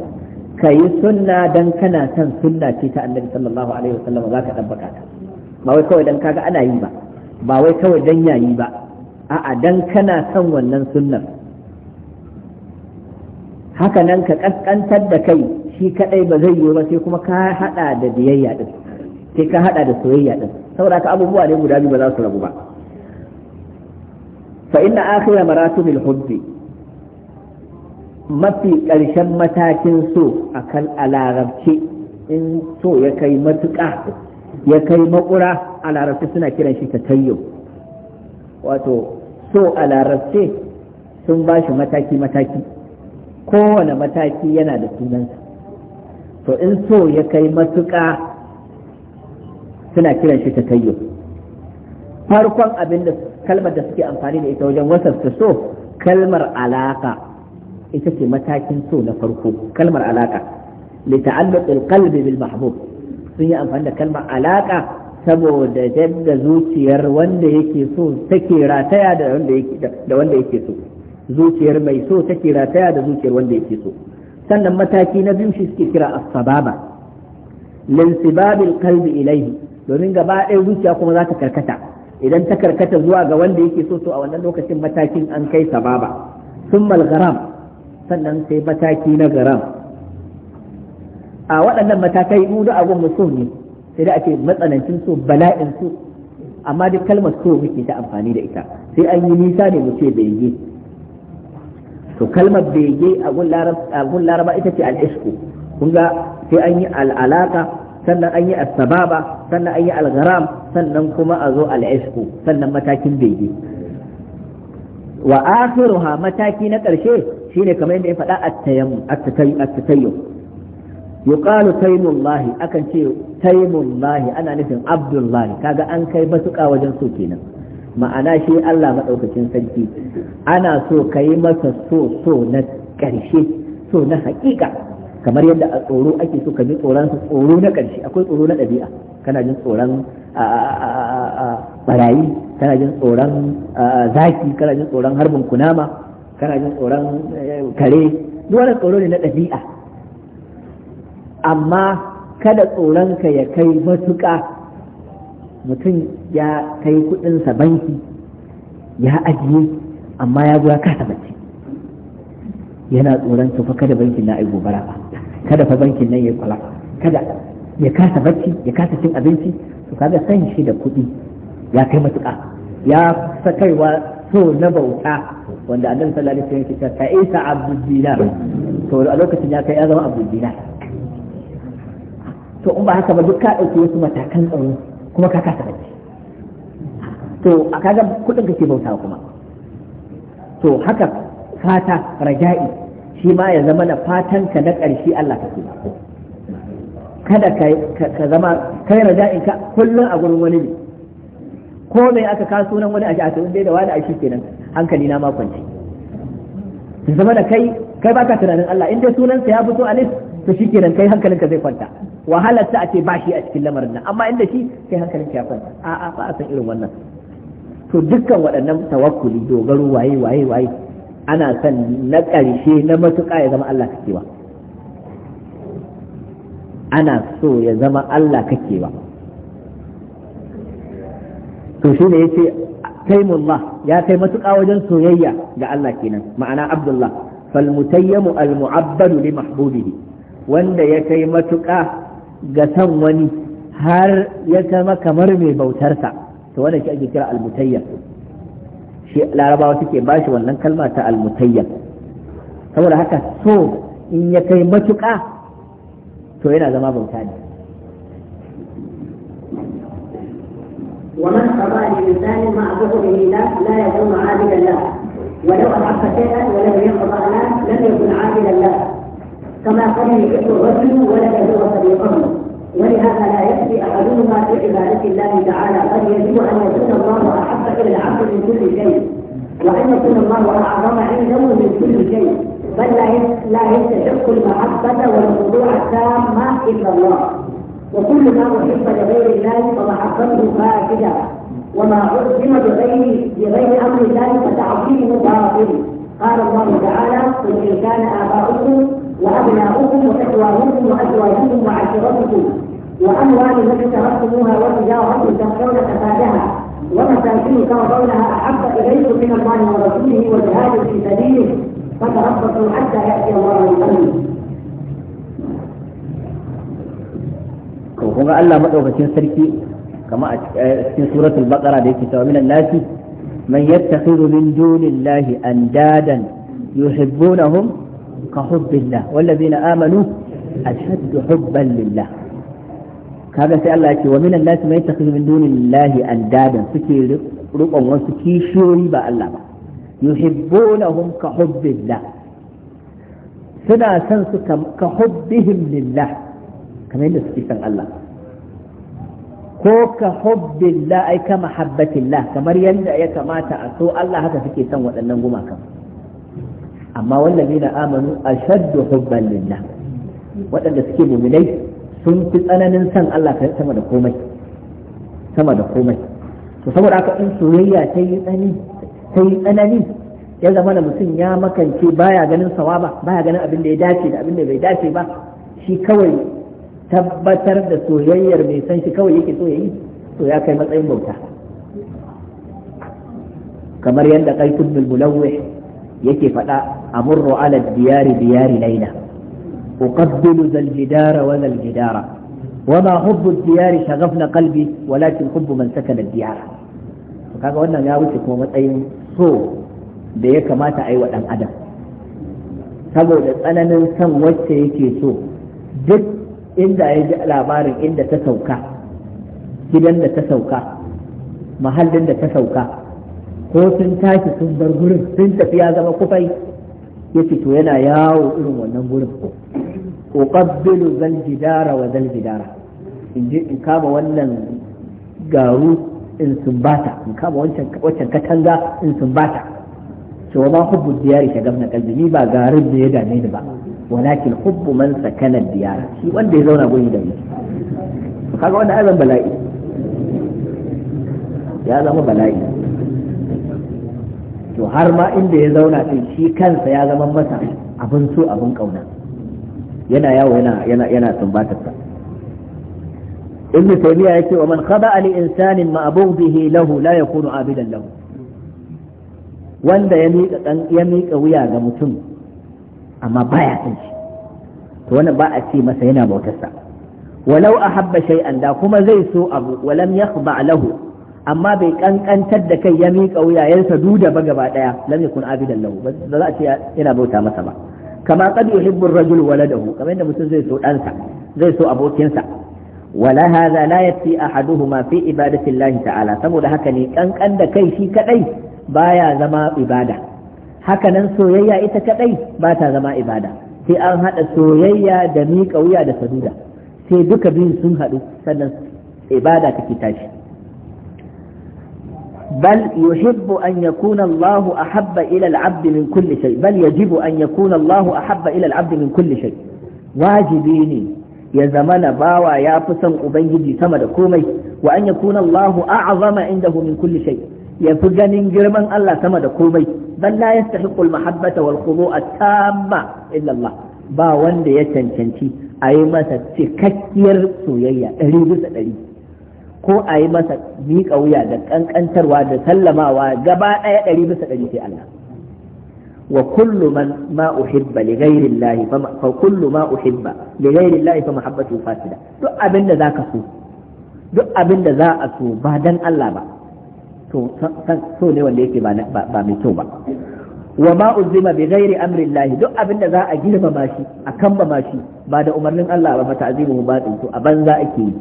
ka yi sunna dan kana son sunna ce ta annabi sallallahu alaihi wasallam za ka ɗabbaka ta ba wai kawai dan kaga ana yi ba ba wai kawai dan yayi ba a'a dan kana son wannan sunnar haka nan ka ƙasƙantar da kai shi kadai ba zai yi ba sai kuma ka hada da biyayya din sai ka hada da soyayya din saboda ka abubuwa ne guda biyu ba za su rabu ba fa inna akhira maratibil hubbi mafi karshen matakin so a kan in so ya kai matuƙa ya kai makura a suna kiran shi tatayyo wato so a sun ba shi mataki-mataki kowane mataki yana da sunansa to in so ya kai matuƙa suna kiran shi takayyo farkon abin da kalmar da suke amfani da ita wajen wasafta so kalmar alaka ita ce matakin so na farko kalmar alaka lita'alluq alqalbi bil mahbub sun yi amfani da kalmar alaka saboda yadda zuciyar wanda yake so take rataya da wanda yake da wanda yake so zuciyar mai so take rataya da zuciyar wanda yake so sannan mataki na biyu shi suke kira asbaba sababa linsibabil qalbi ilayhi domin gaba ɗaya zuciya kuma za ta karkata idan ta karkata zuwa ga wanda yake so to a wannan lokacin matakin an kai sababa summal garam sannan sai mataki na garam a waɗannan matakai mu da abun so ne sai da ake matsanancin so bala'in so amma duk kalmar so muke ta amfani da ita sai an yi nisa ne mu ce bai yi to kalmar bege a gun laraba ita ce al'ishku kun ga sai an yi al'alaka sannan an yi asbaba sannan an yi algharam sannan kuma a zo al'ishku sannan matakin bege wa akhiruha mataki na ƙarshe shine kamar yadda ya faɗa at-tayammum at-tatayyum yuqalu taymullahi akan ce taymullahi ana nufin abdullahi kaga an kai batuka wajen so kenan ma'ana shi Allah maɗaukacin sarki ana so ka yi masa so so na ƙarshe so na haƙiƙa kamar yadda a tsoro ake so ka ji tsoron tsoro na ƙarshe akwai tsoro na ɗabi'a kana jin tsoron barayi kana jin tsoron zaki kana jin tsoron harbin kunama kana jin tsoron eh, kare duk wani tsoro ne na ɗabi'a amma kada tsoronka ya kai matuƙa mutum ya kai kudinsa banki ya ajiye amma ya zuwa ya kasa bacci yana tsoron su fa kada bankin na ai gobara ba kada fa bankin nan ya kwala kada ya kasa bacci ya kasa cin abinci to kaga san shi da kuɗi ya kai matuƙa ya sakaiwa so na bauta wanda annabi sallallahu alaihi wasallam ya ce ka isa abu dinar to a lokacin ya kai ya zama abu dinar to in ba haka ba duk ka ɗauki wasu matakan tsaro kuma ka kasa bacci to a kaga kudin kake bauta kuma to haka fata raja'i shi ma ya zama na fatan ka na ƙarshe Allah kake kada ka zama kai raja'in ka kullum a gurin wani ne ko mai aka ka sunan wani a shi dai da wani a shi kenan hankali na makon zama da kai kai baka tunanin Allah in dai sunansa ya fito a list to kenan kai hankalinka zai kwanta wahalar ta a ce ba shi a cikin lamarin nan amma inda shi kai hankalinka ya kwanta a a ba a san irin wannan to dukkan waɗannan tawakkuli dogaro waye waye waye ana son na ƙarshe na matuƙa ya zama Allah kake ana so ya zama Allah kake to shi ne yace kaimullah ya kai matuƙa wajen soyayya ga Allah kenan ma'ana abdullah fal mutayyamu al mu'abbadu li mahbubihi wanda ya kai matuƙa ga san wani har ya zama kamar mai bautarsa to wanda shi ake kira almutayya shi larabawa suke ba shi wannan kalma ta almutayya saboda haka so in ya kai matuƙa to yana zama bauta ne ومن قضى لإنسان ما أبوه به لا لا يكون عابدا له ولو أحب شيئا ولم يقضى له لم يكن عابدا له كما قد يحب الرجل ولد هو صديقه ولهذا لا يكفي احدهما في عباده الله تعالى بل يجب ان يكون الله احب الى العبد من كل شيء وان يكون الله اعظم عنده من كل شيء بل لا يستحق المحبه والخضوع التامه الا الله وكل ما احب لغير الله فمحبته فاسده وما عظم بغير بغير امر الله فتعظيمه باطل قال الله تعالى قل ان كان اباؤكم وأبناؤكم وإخوانكم وأزواجكم وعشيرتكم وأموال تركتموها وتجارة تخشون فسادها ومساكين ترضونها أحب إليكم من الله ورسوله والجهاد في سبيله فتربصوا حتى يأتي الله بأمره kun ga Allah madaukakin sarki kama a cikin suratul baqara da yake cewa minan nasi man yattakhidhu min dunillahi andadan yuhibbunahum كحب الله والذين آمنوا أشد حبا لله kaga sai Allah ya ce wa minan nasi mai takhidhu min dunillahi andadan suke rukon wasu kishiyoyi ba Allah ba yuhibbunahum ka hubbillah suna san su ka hubbihim lillah kamar yadda suke son Allah ko ka hubbillah ai ka mahabbatillah kamar yadda ya kamata a so Allah haka suke son waɗannan gumakan amma wallazina amanu ashaddu hubban lillah waɗanda suke mu'minai sun fi tsananin san Allah sama da komai sama da komai to saboda haka in soyayya ta yi tsanani ta yi tsanani ya zama da mutum ya makance baya ganin sawaba baya ganin abin da ya dace da abin da bai dace ba shi kawai tabbatar da soyayyar mai san shi kawai yake so yayi to ya kai matsayin bauta kamar yadda qaitun bil yake faɗa amurru ala diyari diyari laila uqabbilu zal jidara wa zal jidara wa ma hubbu diyari shaghafna qalbi walakin hubbu man sakana diyara kaga wannan ya wuce kuma matsayin so da ya kamata a yi wa dan adam saboda tsananin san wacce yake so duk inda ya ji labarin inda ta sauka gidan da ta sauka mahallin da ta sauka ko sun tashi sun bar gurin sun tafi ya zama kufai yake to yana yawo irin wannan gurin uqabbilu zal jidara wa zal jidara in je in kama wannan garu in sumbata in kama wancan wancan katanga in sumbata to ma hubbu diyari shagab na kalbi ni ba garin da ya dame ni ba walakin hubbu man sakana diyara shi wanda ya zauna gurin da ni kaga wannan azan bala'i ya zama bala'i to har ma inda ya zauna din shi kansa ya zama masa abin so abin kauna yana yawo yana sumbatar yana sumbatarsa ibn ya ce wa man khaba li insanin ma abughihi lahu la yakunu abidan lahu wanda ya miƙa wuya ga mutum amma baya san shi to wannan ba a ce masa yana bautarsa walau ahabba shay'an da kuma zai so abu walam yakhba lahu amma bai kankantar da kai ya miƙa wuyayensa saduda ba gaba daya lam yakun abidan lahu ba za a ce yana bauta masa ba kama qad yuhibbu ar-rajul waladahu kamar yadda mutum zai so ɗansa zai so abokinsa wala hadha la yati ahaduhuma fi ibadati Allah ta'ala saboda haka ne kankan da kai shi kadai baya zama ibada haka nan soyayya ita kadai ba ta zama ibada sai an hada soyayya da miƙa wuya da saduda sai duka biyun sun haɗu sannan ibada take tashi بل يحب أن يكون الله أحب إلى العبد من كل شيء بل يجب أن يكون الله أحب إلى العبد من كل شيء واجبيني ya zama na bawa ya fi son ubangiji sama da komai wa an yakuna Allahu a'zama inda min kulli shay ya fi ganin girman Allah sama da komai bal la yastahiqu al-mahabbata wal khudu'a tamma illa ba wanda ya cancanci a yi masa cikakkiyar soyayya ɗari biyu da ɗari ko a yi masa miƙa wuya da ƙanƙantarwa da sallamawa gaba ɗaya ɗari bisa ɗari sai Allah wa kullu man ma uhibba li ghairi Allah fa kullu ma uhibba li ghairi Allah fa mahabbatu fasida duk abinda da zaka so duk abinda za a so ba dan Allah ba to so ne wanda yake ba ba mai kyau ba wa ma uzima bi ghairi amri Allah duk abinda za a girmama shi a kamba shi ba da umarnin Allah ba fa ta'zimu batil to a banza ake yi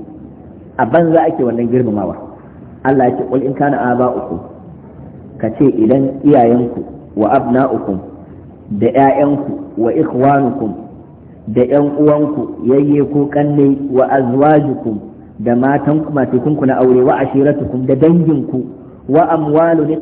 a banza ake wannan girmamawa Allah ya ce qul in kana Ka kace idan iyayenku wa abna'ukum da ƴaƴanku wa ikhwanukum da ƴan uwanku yayye ko kanne wa azwajukum da matan matakunku na aure wa ashiratukum da danginku wa amwalun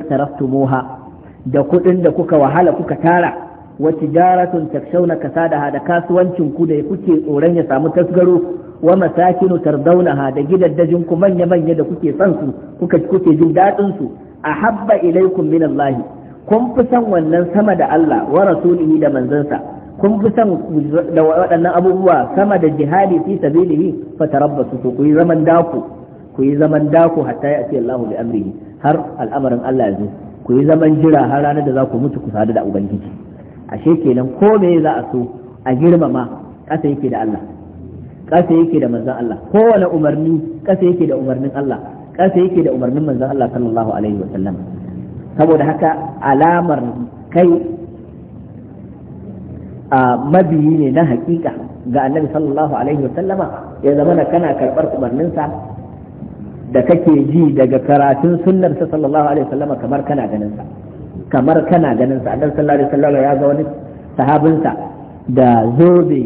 moha, da kuɗin da kuka wahala kuka tara wa tijaratun takshawna kasada da kasuwancin ku da kuke tsoron ya samu tasgaro wa masakinu tardaunaha da gidaddajin ku manya manya da kuke san su kuka kuke jin dadin su ahabba ilaikum min Allah kun fi san wannan sama da Allah wa rasulihi da manzansa kun fi san da waɗannan abubuwa sama da jihadi fi sabilihi fatarabbasu to ku yi zaman daku ku yi zaman daku hatta ya ce Allahu bi amrihi har al'amarin Allah ya zo ku yi zaman jira har ranar da za ku mutu ku sadu da ubangiji ashe kenan ko me za a so a girmama kasa yake da Allah kasa yake da manzan Allah kowane umarni kasa yake da umarnin Allah kasa yake da umarnin manzan Allah sallallahu alaihi wa sallam saboda haka alamar kai a mabiyi ne na hakika ga annabi sallallahu alaihi wa sallama ya zama kana karbar umarninsa da kake ji daga karatun sunnarsa sallallahu alaihi wa sallama kamar kana ganin sa kamar kana ganin sa annabi sallallahu alaihi wa sallama ya ga wani sahabinsa da zobe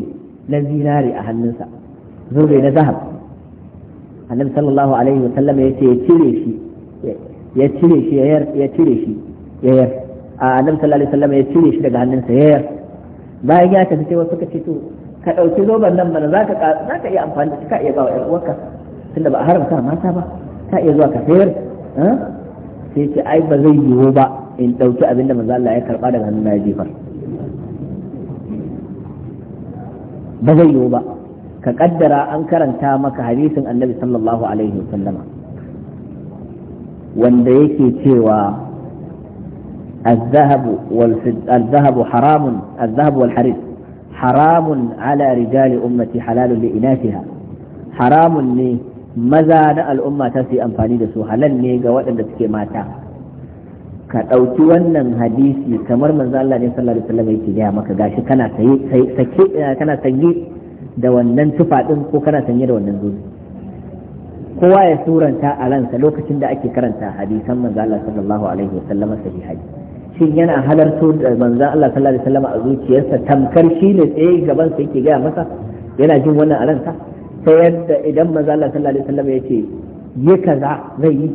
na zinari a hannunsa zobe na zahab annabi sallallahu alaihi wa sallam ya ce ya cire shi ya cire shi ya cire shi ya yar annabi sallallahu alaihi wa ya cire shi daga hannunsa ya yar bayan ya tafi sai wasu suka ce to ka ɗauki zoben nan mana za ka iya amfani da shi ka iya ba wa ‘yan uwarka tunda ba a haramta mata ba ka iya zuwa ka sayar sai ce ai ba zai yiwu ba in ɗauki abin da manzo Allah ya karɓa daga hannun ya jefar ba zai yiwu ba ka kaddara an karanta maka hadisin annabi sallallahu alaihi wasallama wanda yake cewa الذهب والفد... الذهب حرام الذهب والحرير حرام على رجال أمتي حلال لإناثها حرام ne maza na al'umma ta su amfani da su halal ne ga waɗanda suke mata ka ɗauki wannan hadisi kamar manzo Allah ne sallallahu gaya maka gashi kana saye kana sanye da wannan tufa ko kana sanye da wannan zobe kowa ya suranta a ransa lokacin da ake karanta hadisan manzo Allah sallallahu alaihi wasallam Haji? shin yana halarto da manzo Allah sallallahu alaihi wasallam a zuciyarsa tamkar shi ne tsaye gaban sa yake gaya masa yana jin wannan a ransa ta yadda idan manzo Allah sallallahu alaihi wasallam ya yi kaza zai yi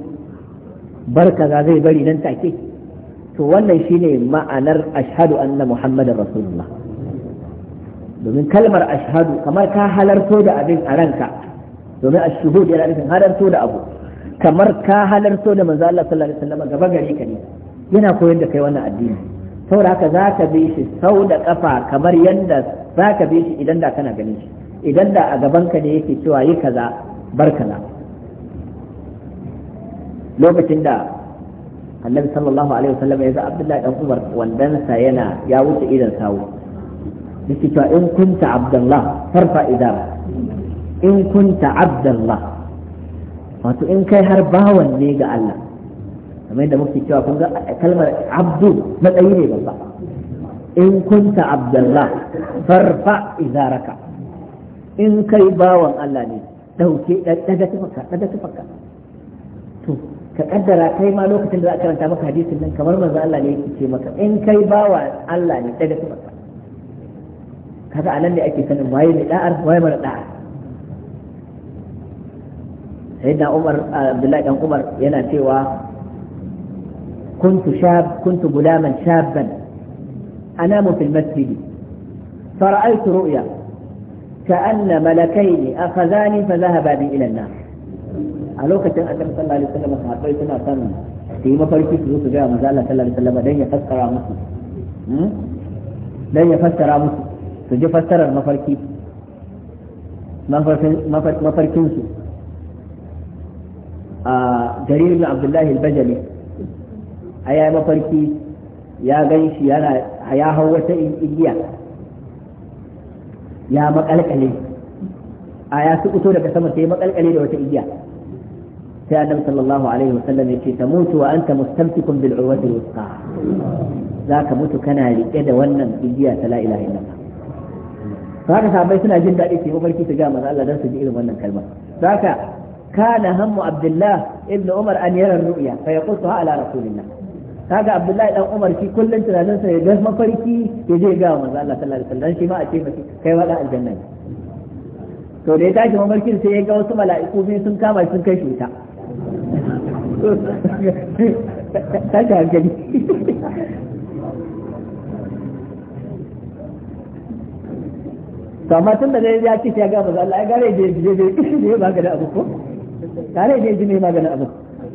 bar kaza zai bari nan take to wannan shine ma'anar ashhadu anna muhammadar rasulullah domin kalmar ashhadu kamar ka halarto da abin a ranka domin ashhud yana nufin halarto da abu kamar ka halarto da manzo Allah sallallahu alaihi wasallam gaba gari ka ne yana koyon da kai wannan addini saboda haka za ka bi shi sau da kafa kamar yadda za ka bi shi idan da kana ganin shi idan da a gaban ka ne yake cewa yi kaza bar kaza lokacin da annabi sallallahu alaihi wasallam ya ga abdullahi dan umar wandansa yana ya wuce idan sawu yake cewa in kunta abdullah farfa idan in kunta abdullah wato in kai har bawan ne ga Allah kamar yadda muke cewa kun ga kalmar abdu matsayi ne babba in kunta abdullah farfa izaraka in kai bawan Allah ne dauke daga tafaka daga tafaka to ka kaddara kai ma lokacin da za a karanta maka hadisin nan kamar manzo Allah ne yake ce maka in kai bawan Allah ne daga tafaka kaga anan ne ake sanin waye mai da'ar waye mara da'ar sayyidina Umar Abdullahi dan Umar yana cewa كنت شاب كنت غلاما شابا أنام في المسجد فرأيت رؤيا كأن ملكين أخذاني فذهبا بي إلى النار a lokacin annabi sallallahu alaihi wasallam sahabbai suna son su yi mafarki su zo su ga manzo Allah sallallahu alaihi wasallam dan ya fassara musu dan ya fassara musu su ji fassarar mafarki mafarkinsu a jarir abdullahi al-bajali a ya mafarki ya gan shi ya hau wata igiya ya makalkale a ya su fito daga sama sai makalkale da wata igiya sai annabi sallallahu alaihi wasallam ya ce ta mutu wa anta mustamsikun bil urwati wusta za ka mutu kana rike da wannan igiya ta la ilaha illallah haka sahabbai suna jin daɗi ke mafarki su gama manzo Allah dan su ji irin wannan kalmar haka kana hammu abdullah ibn umar an yara ru'ya fa yaqulha ala rasulillah kaga abdullahi dan umar shi kullun tunanin sa ya ga mafarki ya je ga manzo Allah sallallahu alaihi wasallam shi ma a ce masa kai wada aljanna to da ya tashi mafarkin sai ya ga wasu mala'iku biyu sun kama sun kai shi ta tashi hankali to amma tun da ya ci ya ga maza Allah ya gare je je je kishi maganin abu ko gare je je maganin abu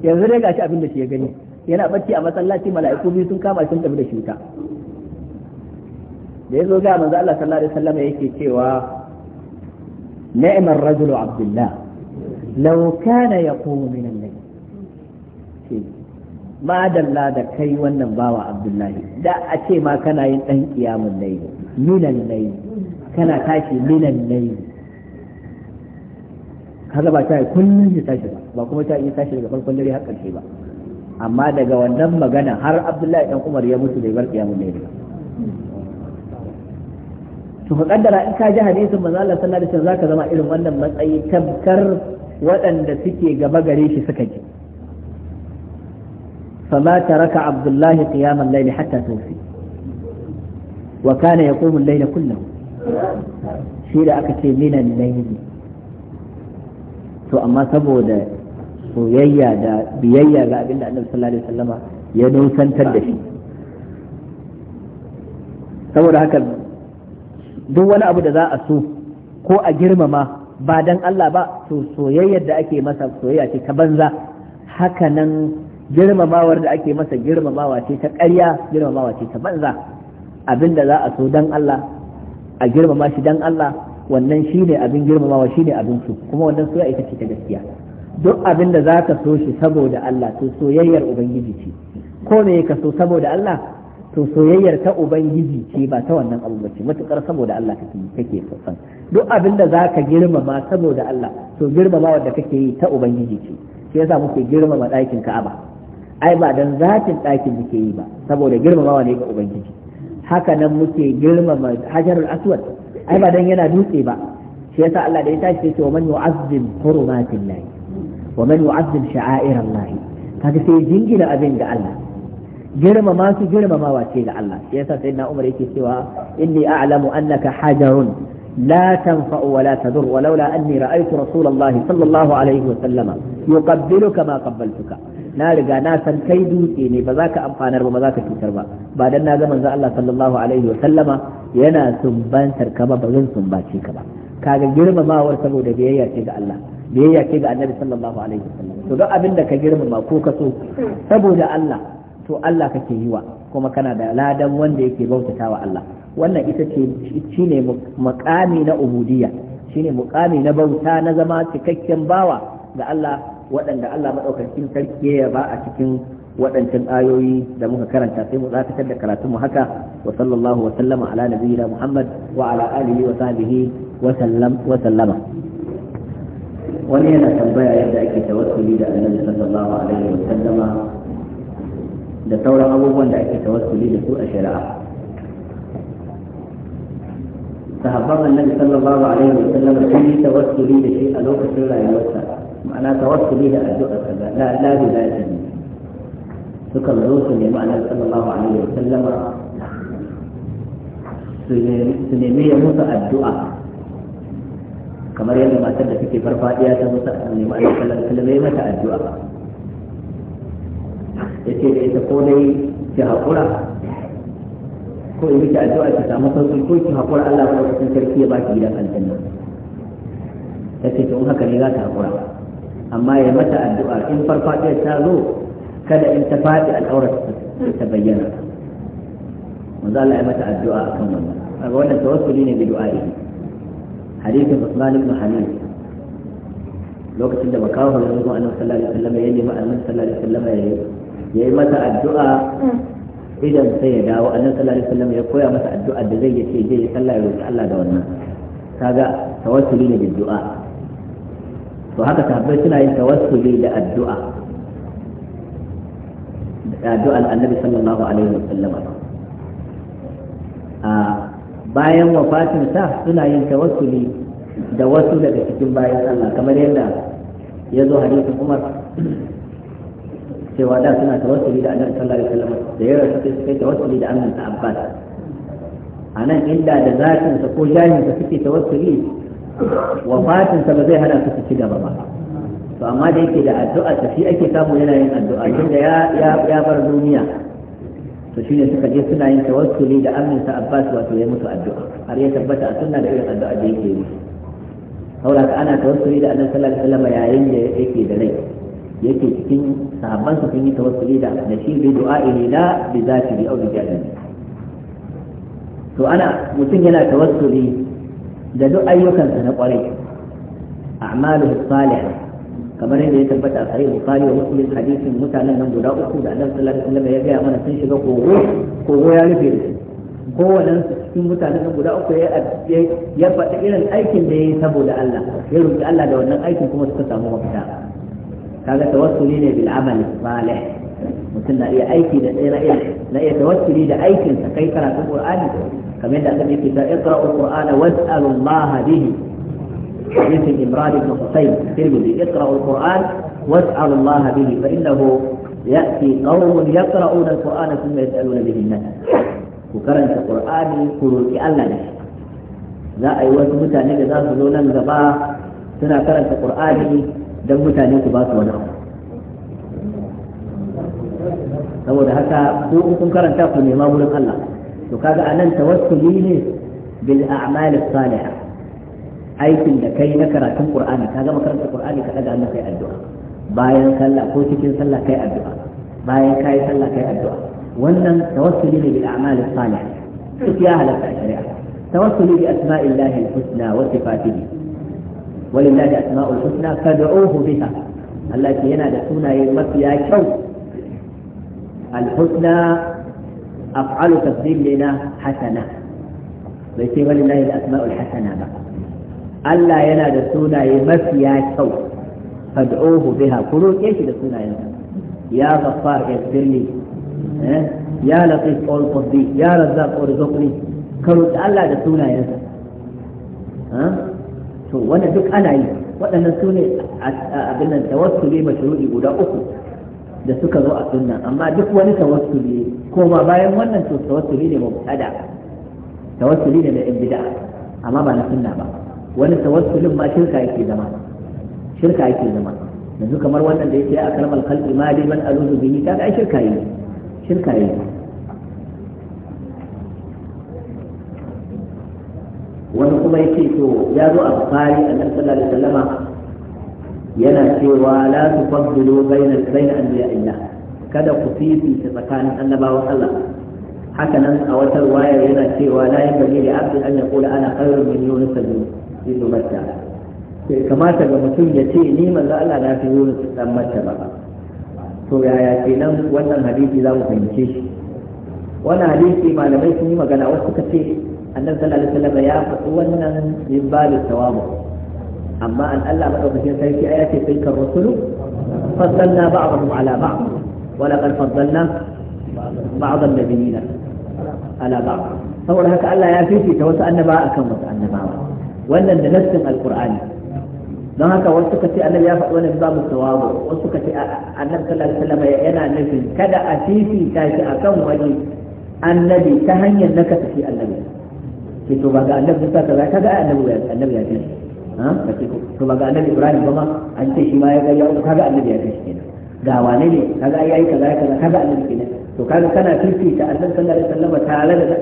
yanzu dai gashi abin da shi ya gani yana bacci a masallaci mala'iku biyu sun kama sun tafi da shi wuta da yazo ga manzo Allah sallallahu alaihi wasallam yake cewa ni'mar rajul abdullah law kana yaqumu min al-layl ma dalla da kai wannan bawa abdullahi da a ce ma kana yin dan kiyamun layl min al-layl kana tashi minan layli kaga ba ta kullun ya tashi ba ba kuma ta iya tashi daga farkon dare har karshe ba amma daga wannan magana har Abdullahi dan Umar ya mutu bai bar qiyamul layli ba to ka kaddara in ka ji hadisin manzo Allah sallallahu alaihi wasallam zaka zama irin wannan matsayi tabkar waɗanda suke gaba gare shi suka ji فما ترك عبد الله قيام الليل حتى توفي وكان يقوم الليل كله shi da aka ce minan laili to amma saboda soyayya da biyayya ga abin da annabi sallallahu alaihi wasallama ya nusantar da shi saboda haka duk wani abu da za a so ko a girmama ba dan Allah ba to soyayyar da ake masa soyayya ce ta banza haka nan girmamawar da ake masa girmamawa ce ta ƙarya girmamawa ce ta banza abin da za a so dan Allah a girmama shi dan Allah wannan shi ne abin girmamawa ne abin su kuma wannan soyayya ita ce ta gaskiya duk abin da ka so shi saboda Allah to soyayyar ubangiji ce ko me ka so saboda Allah to soyayyar ta ubangiji ce ba ta wannan abu ce matukar saboda Allah kake kake son duk abin da ka girmama saboda Allah to girmamawa wanda kake yi ta ubangiji ce shi yasa muke girmama ɗakin Ka'aba ai ba dan zatin ɗakin muke yi ba saboda girmamawa ne ga ubangiji haka nan muke girmama hajarul aswad ai ba dan yana dutse ba shi yasa Allah da ya tashi sai wa man yu'azzim hurumatillah wa man yu'azzim sha'airallah kaga sai jingina abin ga Allah girmama su girmamawa ce ga Allah shi yasa sayyidina Umar yake cewa inni a'lamu annaka hajarun لا تنفع ولا تضر ولولا أني رأيت رسول الله صلى الله عليه وسلم يقبلك ma قبلتك na riga na san kai dutse ne ba za ka amfanar ba ba za ka cutar ba ba dan na ga manzo Allah sallallahu alaihi wa sallama yana sumbantar ka ba ba zan sumbace ka ba kaga girmamawar saboda biyayya ce ga Allah biyayya ce ga Annabi sallallahu alaihi wa sallam to duk abin da ka girmama ko ka so saboda Allah to Allah kake yi wa kuma kana da ladan wanda yake wa Allah wannan ita ce shine makami na ubudiyya shine mukami na bauta na zama cikakken bawa ga Allah waɗanda Allah maɗaukakin sarki ya ba a cikin waɗancan ayoyi da muka karanta sai mu dakatar da karatun mu haka wa sallallahu wa sallama ala nabiyina Muhammad wa ala alihi wa sahbihi wa sallam wa sallama wani yana tambaya yadda ake tawassuli da annabi sallallahu alaihi wa sallama da sauran abubuwan da ake tawassuli da su a shari'a sahabban annabi sallallahu alaihi wa sallama sun yi tawassuli da shi a lokacin rayuwarsa ma'ana tawassuli da addu'a kaza la la bilaji suka zo su nemi annabi sallallahu alaihi wa sallama su nemi ya musu addu'a kamar yadda matar da take farfadiya ta musu nemi annabi sallallahu alaihi wa sallama mata addu'a yace da ita ko dai ki hakura ko in miki addu'a ki samu sauki ko ki hakura Allah ko cikin sarki ya baki gidan aljanna yace to in haka ne za ta hakura. amma ya mata addu'a in farfadiyar ta zo kada in ta faɗi al'aurar ta bayyana manzo Allah ya mata addu'a akan wannan kaga wannan tawassuli ne bi du'a'i hadisin Usman ibn Hanif lokacin da makawo ya zo annabi sallallahu alaihi wasallam ya nemi annabi sallallahu alaihi wasallam ya yi mata addu'a idan sai ya dawo annabi sallallahu alaihi wasallam ya koya masa addu'a da zai yace zai yi sallah ya roki Allah da wannan kaga tawassuli ne bi du'a to haka sahabbai suna yin tawassuli da addu'a da addu'a annabi sallallahu alaihi wa sallama a bayan wafatin sa suna yin tawassuli da wasu daga cikin bayan Allah kamar yadda ya zo hadisin Umar cewa da suna tawassuli da annabi sallallahu alaihi wa sallama da yawa suke suke tawassuli da annabi Abbas a nan inda da zatin sa ko jahin sa suke tawassuli wafatin sa ba zai hana su ci gaba ba to amma da yake da addu'a ta shi ake samu yana yin addu'a tunda ya ya bar duniya to shi ne suka je suna yin tawassuli da amin sa Abbas wato ya mutu addu'a har ya tabbata a sunna da irin addu'a da yake yi saboda ka ana tawassuli da Annabi sallallahu alaihi wasallam yayin da yake da rai yake cikin sahabban su sun yi tawassuli da da shi bi du'a'i la bi zati bi au bi jalali to ana mutum yana tawassuli da duk ayyukansa na kwarai amalu salihah kamar yadda ya tabbata a sahih bukhari wa muslim hadisin mutanen nan guda uku da annabi sallallahu alaihi wasallam ya gaya mana sun shiga kogo kogo ya rufe da kowannen cikin mutanen nan guda uku ya faɗi irin aikin da ya yi saboda Allah ya roƙi Allah da wannan aikin kuma suka samu mafita kaga tawassuli ne bil amal salih mutum na iya aiki da na iya tawassuli da aikin sa kai karatun qur'ani kamar yadda aka yake ta iqra'u qur'ana was'alu Allah bihi hadith Imran ibn Husayn tirmidhi iqra'u qur'an was'alu Allah bihi fa innahu ya'ti qawmun yaqra'una al-qur'ana thumma yas'aluna bihi an-nas ku karanta qur'ani ku roki Allah da shi za a yi wasu mutane da za su zo nan gaba suna karanta qur'ani dan mutane ku ba su wani saboda haka ko kun karanta ku nema wurin Allah to kaga anan tawassuli ne bil a'mal salihah aikin da kai na karatun qur'ani ka gama karanta qur'ani ka daga Allah kai addu'a bayan sallah ko cikin sallah kai addu'a bayan kai sallah kai addu'a wannan tawassuli ne bil a'mal salihah duk ya halatta shari'a tawassuli bi asma'illahi al-husna wa sifatihi ولله أسماء الحسنى فادعوه بها التي هنا سنة مفيا كون الحسنى af'alu tafsir ne na hasana bai ce wani lahi da asma'ul hasana ba Allah yana da sunaye mafiya kyau fad'uhu biha ku roƙe shi da sunayensa ya ghaffar yaghfirli ya latif qul quddi ya razzaq urzuqni ka roƙi Allah da sunayensa to wannan duk ana yi waɗannan sune abin guda uku da suka zo a sunna amma duk wani tawassuli ko ba bayan wannan to tawassuli ne mubtada tawassuli ne da ibda amma ba na sunna ba wani tawassulin ma shirka yake zama shirka yake zama yanzu kamar wannan da yake a kalmar kalbi ma dai man aluzu bihi ta ai shirka yi shirka yi wani kuma yake to ya zo a bukari annabi sallallahu alaihi wasallama yana cewa la tufaddilu bayna bayna anbiya illa kada ku fifita tsakanin annabawan Allah haka nan a wata waya yana cewa la yanbaghi li abdin an yaqula ana khairun min yunus ibn matta sai kamata ga mutum ya ce ni manzo Allah na fi yunus dan matta ba to yaya kenan wannan hadisi za mu fahimce shi wannan hadisi malamai sun yi magana wasu suka ce annabi sallallahu alaihi wasallam ya faɗi wannan min babu tawabu amma an Allah madaukakin sarki ya ce tilka rusulu fasalna ba'dahum ala ba'd wa laqad faddalna ba'd an-nabiyina ala ba'd saboda haka Allah ya fifita wasu annabawa akan wasu annabawa wannan da nassin alqur'ani don haka wasu suka ce annabi ya faɗi wannan babu sawabu wasu suka ce annabi sallallahu alaihi wasallam yana nufin kada a fifita shi akan wani annabi ta hanyar naka tafi annabi ke to ba ga annabi ta kaza kaga annabi ya annabi ya fifita ha to ga annabi Ibrahim kuma an ce shi ma ya ga ya kaga annabi ya kashi kenan ga wane ne kaga yayi kaza kaza kaga annabi kenan to kaga kana ta annabi sallallahu alaihi wasallam tare da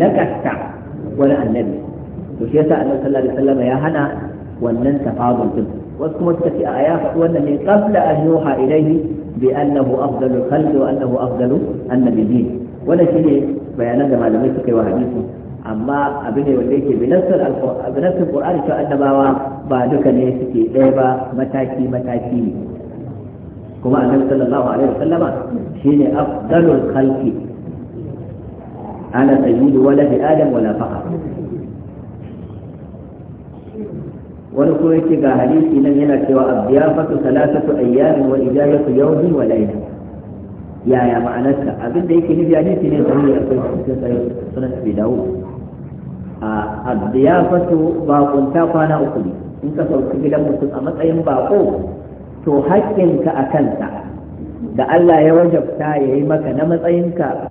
nakasta wani annabi to shi yasa annabi sallallahu alaihi wasallam ya hana wannan tafadul din wasu kuma suka ce a ya faɗi wannan ne qabla an yuha ilaihi bi annahu afdalul khalqi wa annahu afdalu annabiyyin wannan shine bayanan da malamai suka yi wa hadisi amma abin ne wanda yake binassar alƙur'ani qur'ani cewa annabawa ba duka ne suke ɗaya ba mataki mataki ne kuma annabi sallallahu alaihi wasallama shine afdalul khalqi ana wala waladi adam wala faqa wani kuma yake ga hadisi nan yana cewa abdiyafatu salasatu ayyamin wa ijabatu yawmin wa layla yaya ma'anarka abin da yake nufi hadisi ne sahihi akwai sunan abi dawud a diyafatu baƙunta kwana uku ne in ka sauki gidan mutum a matsayin bako to haƙƙinka a kanta, da Allah ya wajabta ya yi maka na matsayinka